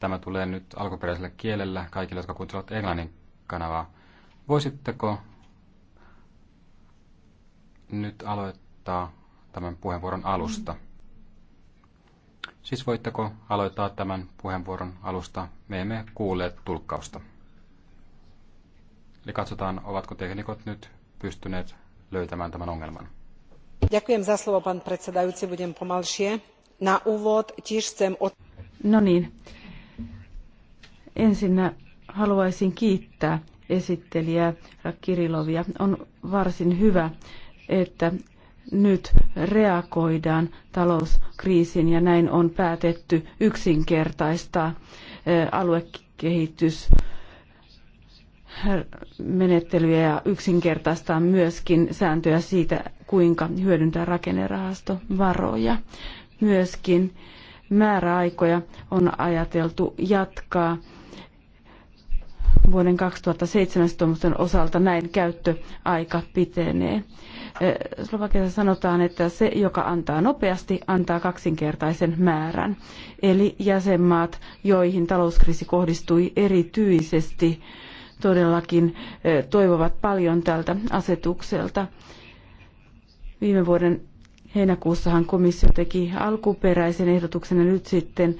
Tämä tulee nyt alkuperäisellä kielellä kaikille, jotka kuuntelevat englannin kanavaa. Voisitteko nyt aloittaa tämän puheenvuoron alusta? Siis voitteko aloittaa tämän puheenvuoron alusta? Me emme kuulleet tulkkausta. Eli katsotaan, ovatko teknikot nyt pystyneet löytämään tämän ongelman na úvod tiež chcem No niin. Ensinnä haluaisin kiittää esittelijää Kirilovia. On varsin hyvä, että nyt reagoidaan talouskriisiin ja näin on päätetty yksinkertaistaa aluekehitys menettelyjä ja yksinkertaistaa myöskin sääntöjä siitä, kuinka hyödyntää rakennerahastovaroja. Myöskin määräaikoja on ajateltu jatkaa vuoden 2017 osalta näin käyttöaika pitenee. Slovakiassa sanotaan, että se, joka antaa nopeasti, antaa kaksinkertaisen määrän. Eli jäsenmaat, joihin talouskriisi kohdistui erityisesti, todellakin toivovat paljon tältä asetukselta. Viime vuoden heinäkuussahan komissio teki alkuperäisen ehdotuksen ja nyt sitten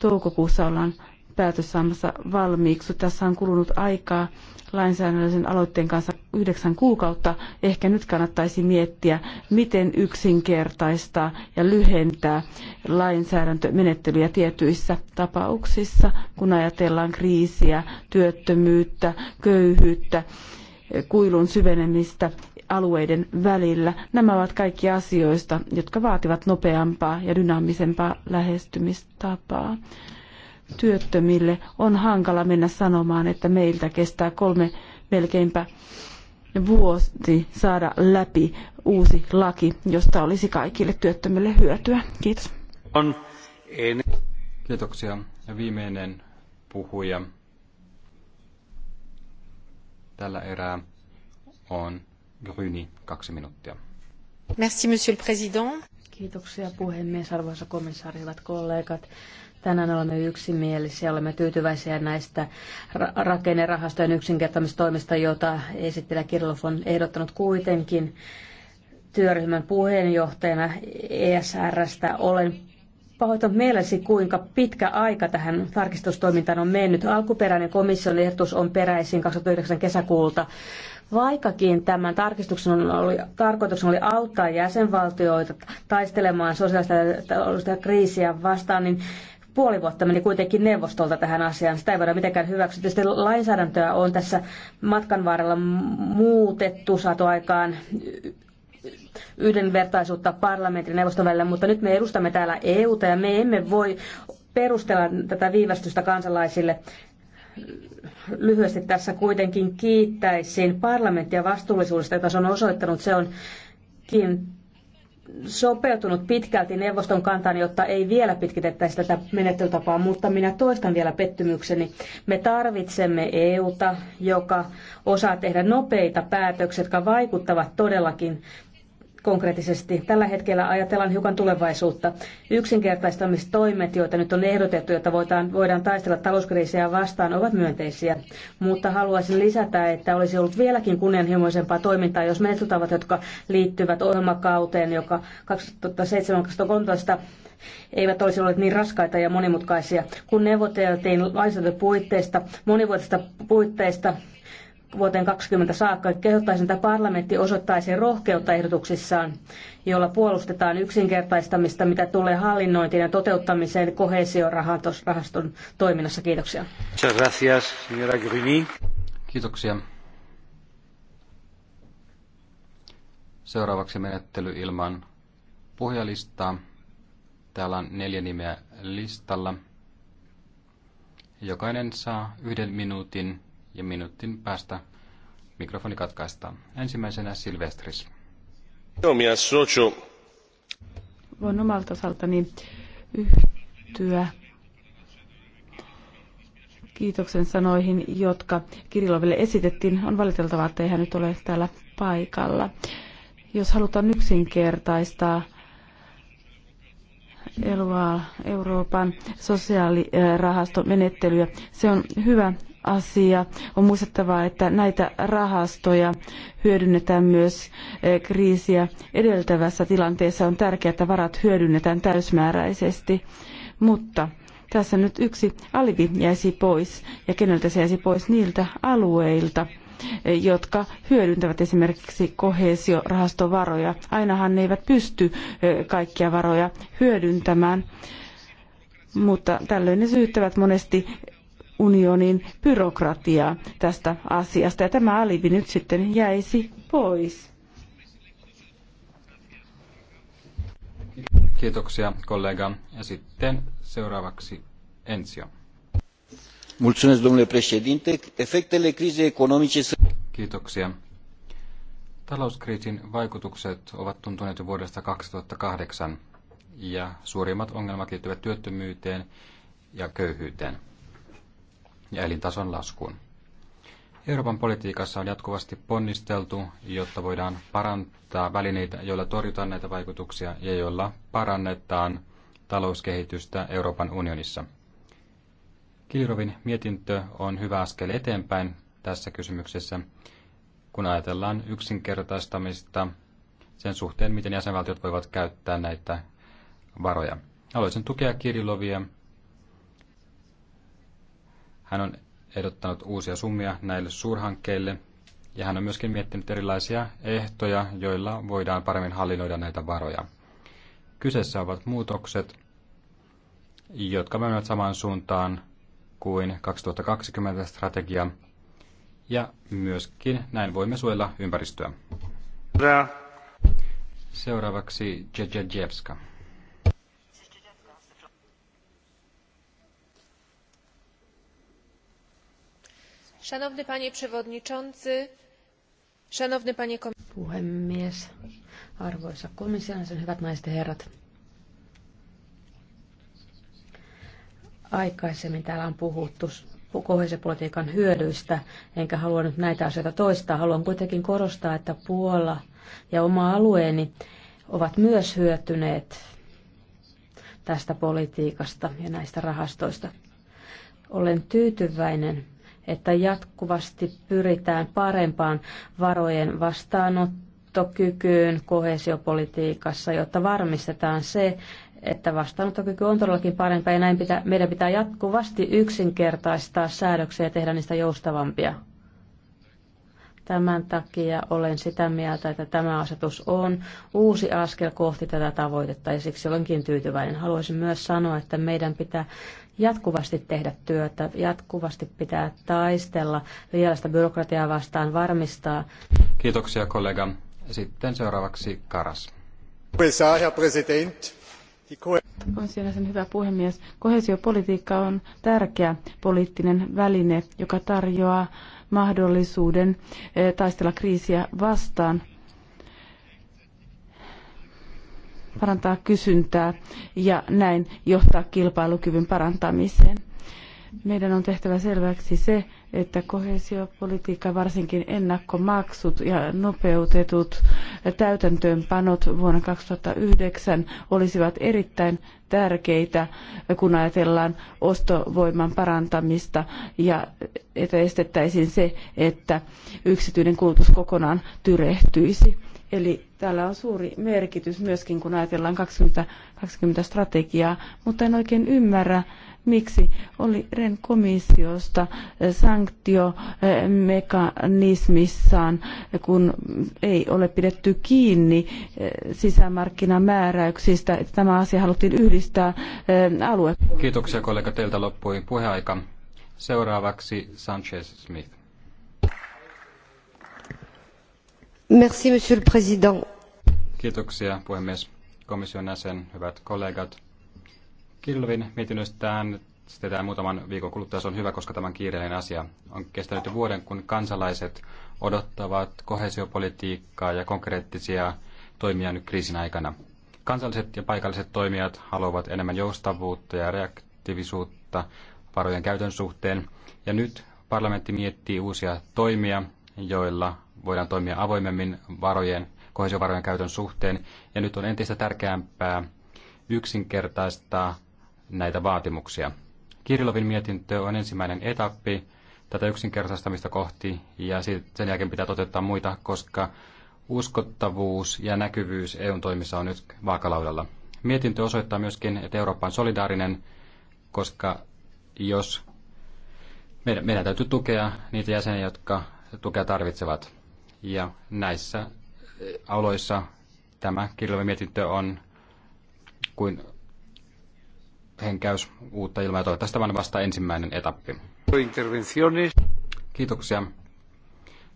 toukokuussa ollaan päätös saamassa valmiiksi. Tässä on kulunut aikaa lainsäädännöllisen aloitteen kanssa yhdeksän kuukautta. Ehkä nyt kannattaisi miettiä, miten yksinkertaistaa ja lyhentää lainsäädäntömenettelyjä tietyissä tapauksissa, kun ajatellaan kriisiä, työttömyyttä, köyhyyttä, kuilun syvenemistä alueiden välillä. Nämä ovat kaikki asioista, jotka vaativat nopeampaa ja dynaamisempaa lähestymistapaa. Työttömille on hankala mennä sanomaan, että meiltä kestää kolme melkeinpä vuosi saada läpi uusi laki, josta olisi kaikille työttömille hyötyä. Kiitos. On. Kiitoksia. Ja viimeinen puhuja tällä erää on Gryni, kaksi minuuttia. Merci, monsieur le président. Kiitoksia puhemies, arvoisa komissaari, hyvät kollegat. Tänään olemme yksimielisiä, olemme tyytyväisiä näistä rakennerahastojen yksinkertaistamistoimista, joita esittelijä Kirilov on ehdottanut kuitenkin työryhmän puheenjohtajana ESRstä. Olen pahoittanut mielesi, kuinka pitkä aika tähän tarkistustoimintaan on mennyt. Alkuperäinen komission ehdotus on peräisin 2009 kesäkuulta Vaikkakin tämän tarkistuksen oli, tarkoituksena oli auttaa jäsenvaltioita taistelemaan sosiaalista ja kriisiä vastaan, niin puoli vuotta meni kuitenkin neuvostolta tähän asiaan. Sitä ei voida mitenkään hyväksyä. Tietysti lainsäädäntöä on tässä matkan varrella muutettu, saatu aikaan yhdenvertaisuutta parlamentin ja neuvoston välillä, mutta nyt me edustamme täällä EUta ja me emme voi perustella tätä viivästystä kansalaisille lyhyesti tässä kuitenkin kiittäisin parlamenttia vastuullisuudesta, jota se on osoittanut. Se on sopeutunut pitkälti neuvoston kantaan, jotta ei vielä pitkitettäisi tätä menettelytapaa, mutta minä toistan vielä pettymykseni. Me tarvitsemme EUta, joka osaa tehdä nopeita päätöksiä, jotka vaikuttavat todellakin konkreettisesti. Tällä hetkellä ajatellaan hiukan tulevaisuutta. Yksinkertaistamistoimet, joita nyt on ehdotettu, jotta voidaan, voidaan taistella talouskriisiä vastaan, ovat myönteisiä. Mutta haluaisin lisätä, että olisi ollut vieläkin kunnianhimoisempaa toimintaa, jos menettelytavat, jotka liittyvät ohjelmakauteen, joka 2007-2013 eivät olisi olleet niin raskaita ja monimutkaisia. Kun neuvoteltiin lainsäädäntöpuitteista, monivuotisista puitteista, vuoteen 2020 saakka. Kehottaisin, että parlamentti osoittaisi rohkeutta ehdotuksissaan, jolla puolustetaan yksinkertaistamista, mitä tulee hallinnointiin ja toteuttamiseen kohesiorahaston toiminnassa. Kiitoksia. Kiitoksia. Seuraavaksi menettely ilman puhujalistaa. Täällä on neljä nimeä listalla. Jokainen saa yhden minuutin ja minuutin päästä mikrofoni katkaistaan. Ensimmäisenä Silvestris. Voin omalta osaltani yhtyä kiitoksen sanoihin, jotka Kirilloville esitettiin. On valiteltavaa, että ei hän nyt ole täällä paikalla. Jos halutaan yksinkertaistaa Euroopan sosiaalirahastomenettelyä, se on hyvä asia. On muistettava, että näitä rahastoja hyödynnetään myös eh, kriisiä edeltävässä tilanteessa. On tärkeää, että varat hyödynnetään täysmääräisesti. Mutta tässä nyt yksi alivi jäisi pois, ja keneltä se jäisi pois niiltä alueilta, eh, jotka hyödyntävät esimerkiksi kohesiorahastovaroja. Ainahan ne eivät pysty eh, kaikkia varoja hyödyntämään, mutta tällöin ne syyttävät monesti unionin byrokratiaa tästä asiasta. Ja tämä alibi nyt sitten jäisi pois. Kiitoksia kollega. Ja sitten seuraavaksi Enzio. Mulțumesc, domnule președinte. Efectele crizei economice sunt... Kiitoksia. Talouskriisin vaikutukset ovat tuntuneet jo vuodesta 2008 ja suurimmat ongelmat liittyvät työttömyyteen ja köyhyyteen ja elintason laskuun. Euroopan politiikassa on jatkuvasti ponnisteltu, jotta voidaan parantaa välineitä, joilla torjutaan näitä vaikutuksia ja joilla parannetaan talouskehitystä Euroopan unionissa. Kilirovin mietintö on hyvä askel eteenpäin tässä kysymyksessä, kun ajatellaan yksinkertaistamista sen suhteen, miten jäsenvaltiot voivat käyttää näitä varoja. Haluaisin tukea Kirilovia hän on ehdottanut uusia summia näille suurhankkeille ja hän on myöskin miettinyt erilaisia ehtoja, joilla voidaan paremmin hallinnoida näitä varoja. Kyseessä ovat muutokset, jotka menevät samaan suuntaan kuin 2020 strategia ja myöskin näin voimme suojella ympäristöä. Seuraavaksi Jevska. Szanowny panie przewodniczący, szanowny panie Puhemies, arvoisa hyvät naiset ja herrat. Aikaisemmin täällä on puhuttu kohesiopolitiikan hyödyistä, enkä halua nyt näitä asioita toistaa. Haluan kuitenkin korostaa, että Puola ja oma alueeni ovat myös hyötyneet tästä politiikasta ja näistä rahastoista. Olen tyytyväinen että jatkuvasti pyritään parempaan varojen vastaanottokykyyn kohesiopolitiikassa, jotta varmistetaan se, että vastaanottokyky on todellakin parempaa ja näin pitää, meidän pitää jatkuvasti yksinkertaistaa säädöksiä ja tehdä niistä joustavampia. Tämän takia olen sitä mieltä, että tämä asetus on uusi askel kohti tätä tavoitetta ja siksi olenkin tyytyväinen. Haluaisin myös sanoa, että meidän pitää jatkuvasti tehdä työtä, jatkuvasti pitää taistella liiallista byrokratiaa vastaan varmistaa. Kiitoksia kollega. Sitten seuraavaksi Karas. Herr Komission jäsen, hyvä puhemies. Kohesiopolitiikka on tärkeä poliittinen väline, joka tarjoaa mahdollisuuden eh, taistella kriisiä vastaan – parantaa kysyntää ja näin johtaa kilpailukyvyn parantamiseen. Meidän on tehtävä selväksi se, että kohesiopolitiikka, varsinkin ennakkomaksut ja nopeutetut täytäntöönpanot vuonna 2009 olisivat erittäin tärkeitä, kun ajatellaan ostovoiman parantamista ja että estettäisiin se, että yksityinen kulutus kokonaan tyrehtyisi. Eli tällä on suuri merkitys myöskin, kun ajatellaan 2020 strategiaa, mutta en oikein ymmärrä, miksi oli Ren komissiosta sanktiomekanismissaan, eh, kun ei ole pidetty kiinni eh, sisämarkkinamääräyksistä. Tämä asia haluttiin yhdistää eh, alue. Kiitoksia kollega, teiltä loppui puheaika. Seuraavaksi Sanchez Smith. monsieur le président. Kiitoksia, puhemies. Komission jäsen, hyvät kollegat. Kilvin mietinnöstään sitten muutaman viikon kuluttua se on hyvä, koska tämä on kiireellinen asia. On kestänyt jo vuoden, kun kansalaiset odottavat kohesiopolitiikkaa ja konkreettisia toimia nyt kriisin aikana. Kansalliset ja paikalliset toimijat haluavat enemmän joustavuutta ja reaktiivisuutta varojen käytön suhteen, ja nyt parlamentti miettii uusia toimia, joilla voidaan toimia avoimemmin varojen, kohesiovarojen käytön suhteen, ja nyt on entistä tärkeämpää yksinkertaistaa näitä vaatimuksia. Kirilovin mietintö on ensimmäinen etappi tätä yksinkertaistamista kohti, ja sen jälkeen pitää toteuttaa muita, koska uskottavuus ja näkyvyys EUn toimissa on nyt vaakalaudalla. Mietintö osoittaa myöskin, että Eurooppa on solidaarinen, koska jos meidän, meidän täytyy tukea niitä jäseniä, jotka tukea tarvitsevat. Ja näissä eh, aloissa tämä kirjallinen mietintö on kuin henkäys uutta ilmaa. Toivottavasti tämä on vasta ensimmäinen etappi. Kiitoksia.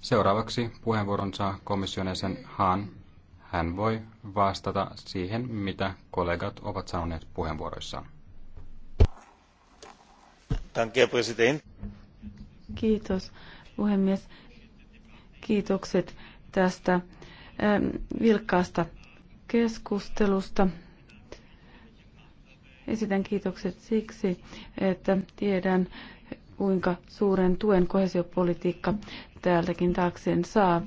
Seuraavaksi puheenvuoron saa komission jäsen Haan. Hän voi vastata siihen, mitä kollegat ovat sanoneet puheenvuoroissaan. Kiitos puhemies. Kiitokset tästä ähm, vilkkaasta keskustelusta. Esitän kiitokset siksi, että tiedän, kuinka suuren tuen kohesiopolitiikka täältäkin taakseen saa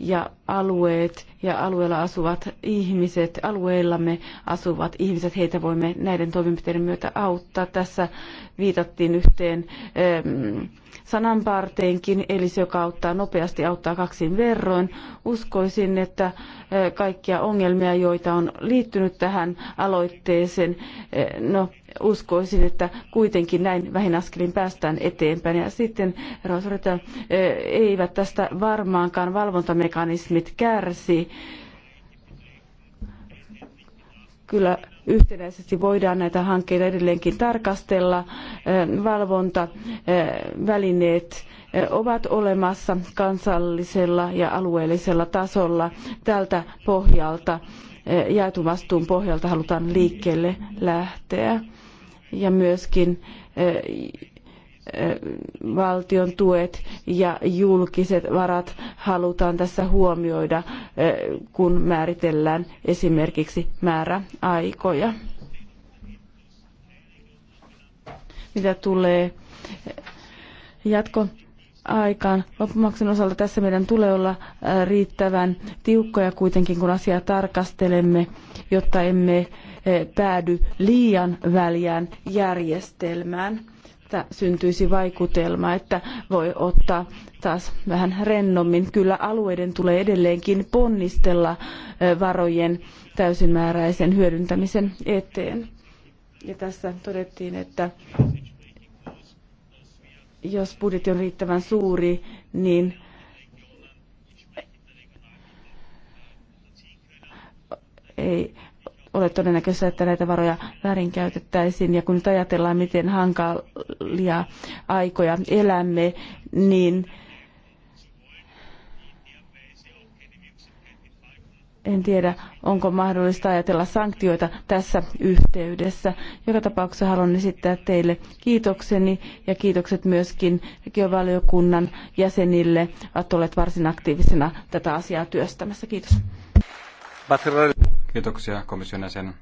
ja alueet ja alueella asuvat ihmiset, alueellamme asuvat ihmiset, heitä voimme näiden toimenpiteiden myötä auttaa. Tässä viitattiin yhteen ähm, sananparteenkin, eli se, joka auttaa nopeasti, auttaa kaksin verroin. Uskoisin, että äh, kaikkia ongelmia, joita on liittynyt tähän aloitteeseen, äh, no, uskoisin, että kuitenkin näin vähin askelin päästään eteenpäin. Ja sitten, Rosaretta, äh, e, eivät tästä varmaankaan valvontamme mekanismit kärsi. Kyllä yhtenäisesti voidaan näitä hankkeita edelleenkin tarkastella. Valvontavälineet ovat olemassa kansallisella ja alueellisella tasolla. Tältä pohjalta, jaetun pohjalta halutaan liikkeelle lähteä. Ja myöskin valtion tuet ja julkiset varat halutaan tässä huomioida, kun määritellään esimerkiksi määräaikoja. Mitä tulee jatko aikaan. Loppumaksun osalta tässä meidän tulee olla riittävän tiukkoja kuitenkin, kun asiaa tarkastelemme, jotta emme päädy liian väljään järjestelmään että syntyisi vaikutelma, että voi ottaa taas vähän rennommin. Kyllä alueiden tulee edelleenkin ponnistella varojen täysimääräisen hyödyntämisen eteen. Ja tässä todettiin, että jos budjetti on riittävän suuri, niin ei ole todennäköistä, että näitä varoja väärinkäytettäisiin. Ja kun nyt ajatellaan, miten hankalia aikoja elämme, niin en tiedä, onko mahdollista ajatella sanktioita tässä yhteydessä. Joka tapauksessa haluan esittää teille kiitokseni ja kiitokset myöskin valiokunnan jäsenille. Olette olleet varsin aktiivisena tätä asiaa työstämässä. Kiitos. Kiitoksia komission jäsen.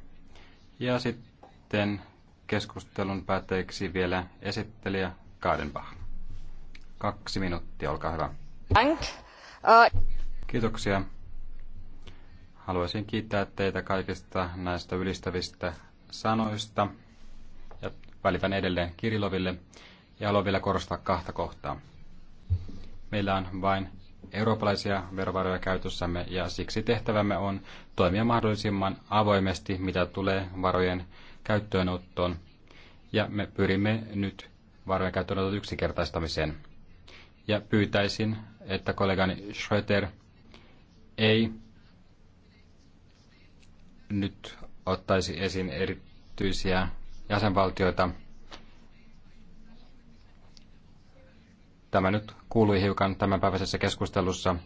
Ja sitten keskustelun päätteeksi vielä esittelijä Kaadenbach. Kaksi minuuttia, olkaa hyvä. Uh, Kiitoksia. Haluaisin kiittää teitä kaikista näistä ylistävistä sanoista ja välitän edelleen Kiriloville ja haluan vielä korostaa kahta kohtaa. Meillä on vain eurooppalaisia verovaroja käytössämme ja siksi tehtävämme on toimia mahdollisimman avoimesti, mitä tulee varojen käyttöönottoon. Ja me pyrimme nyt varojen käyttöönoton yksinkertaistamiseen. Ja pyytäisin, että kollegani Schröter ei nyt ottaisi esiin erityisiä jäsenvaltioita, Tämä nyt kuului hiukan tämänpäiväisessä keskustelussa.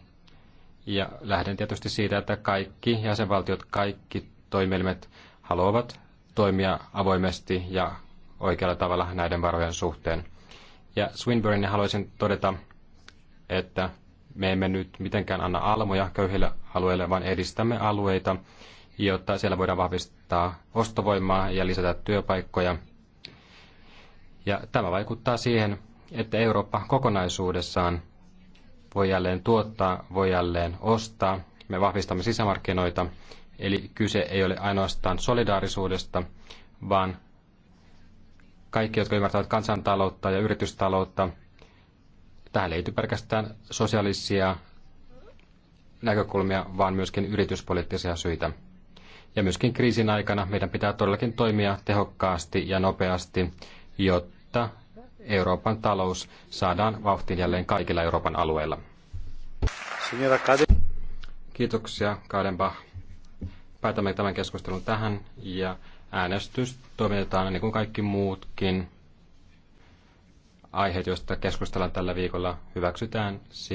Ja lähden tietysti siitä, että kaikki jäsenvaltiot, kaikki toimielimet haluavat toimia avoimesti ja oikealla tavalla näiden varojen suhteen. Ja Swinburne haluaisin todeta, että me emme nyt mitenkään anna almoja köyhille alueille, vaan edistämme alueita, jotta siellä voidaan vahvistaa ostovoimaa ja lisätä työpaikkoja. Ja tämä vaikuttaa siihen, että Eurooppa kokonaisuudessaan voi jälleen tuottaa, voi jälleen ostaa. Me vahvistamme sisämarkkinoita, eli kyse ei ole ainoastaan solidaarisuudesta, vaan kaikki, jotka ymmärtävät kansantaloutta ja yritystaloutta, tähän liittyy pelkästään sosiaalisia näkökulmia, vaan myöskin yrityspoliittisia syitä. Ja myöskin kriisin aikana meidän pitää todellakin toimia tehokkaasti ja nopeasti, jotta Euroopan talous saadaan vauhtiin jälleen kaikilla Euroopan alueilla. Kiitoksia, Kadenbach. Päätämme tämän keskustelun tähän ja äänestys toimitetaan niin kuin kaikki muutkin aiheet, joista keskustellaan tällä viikolla, hyväksytään siis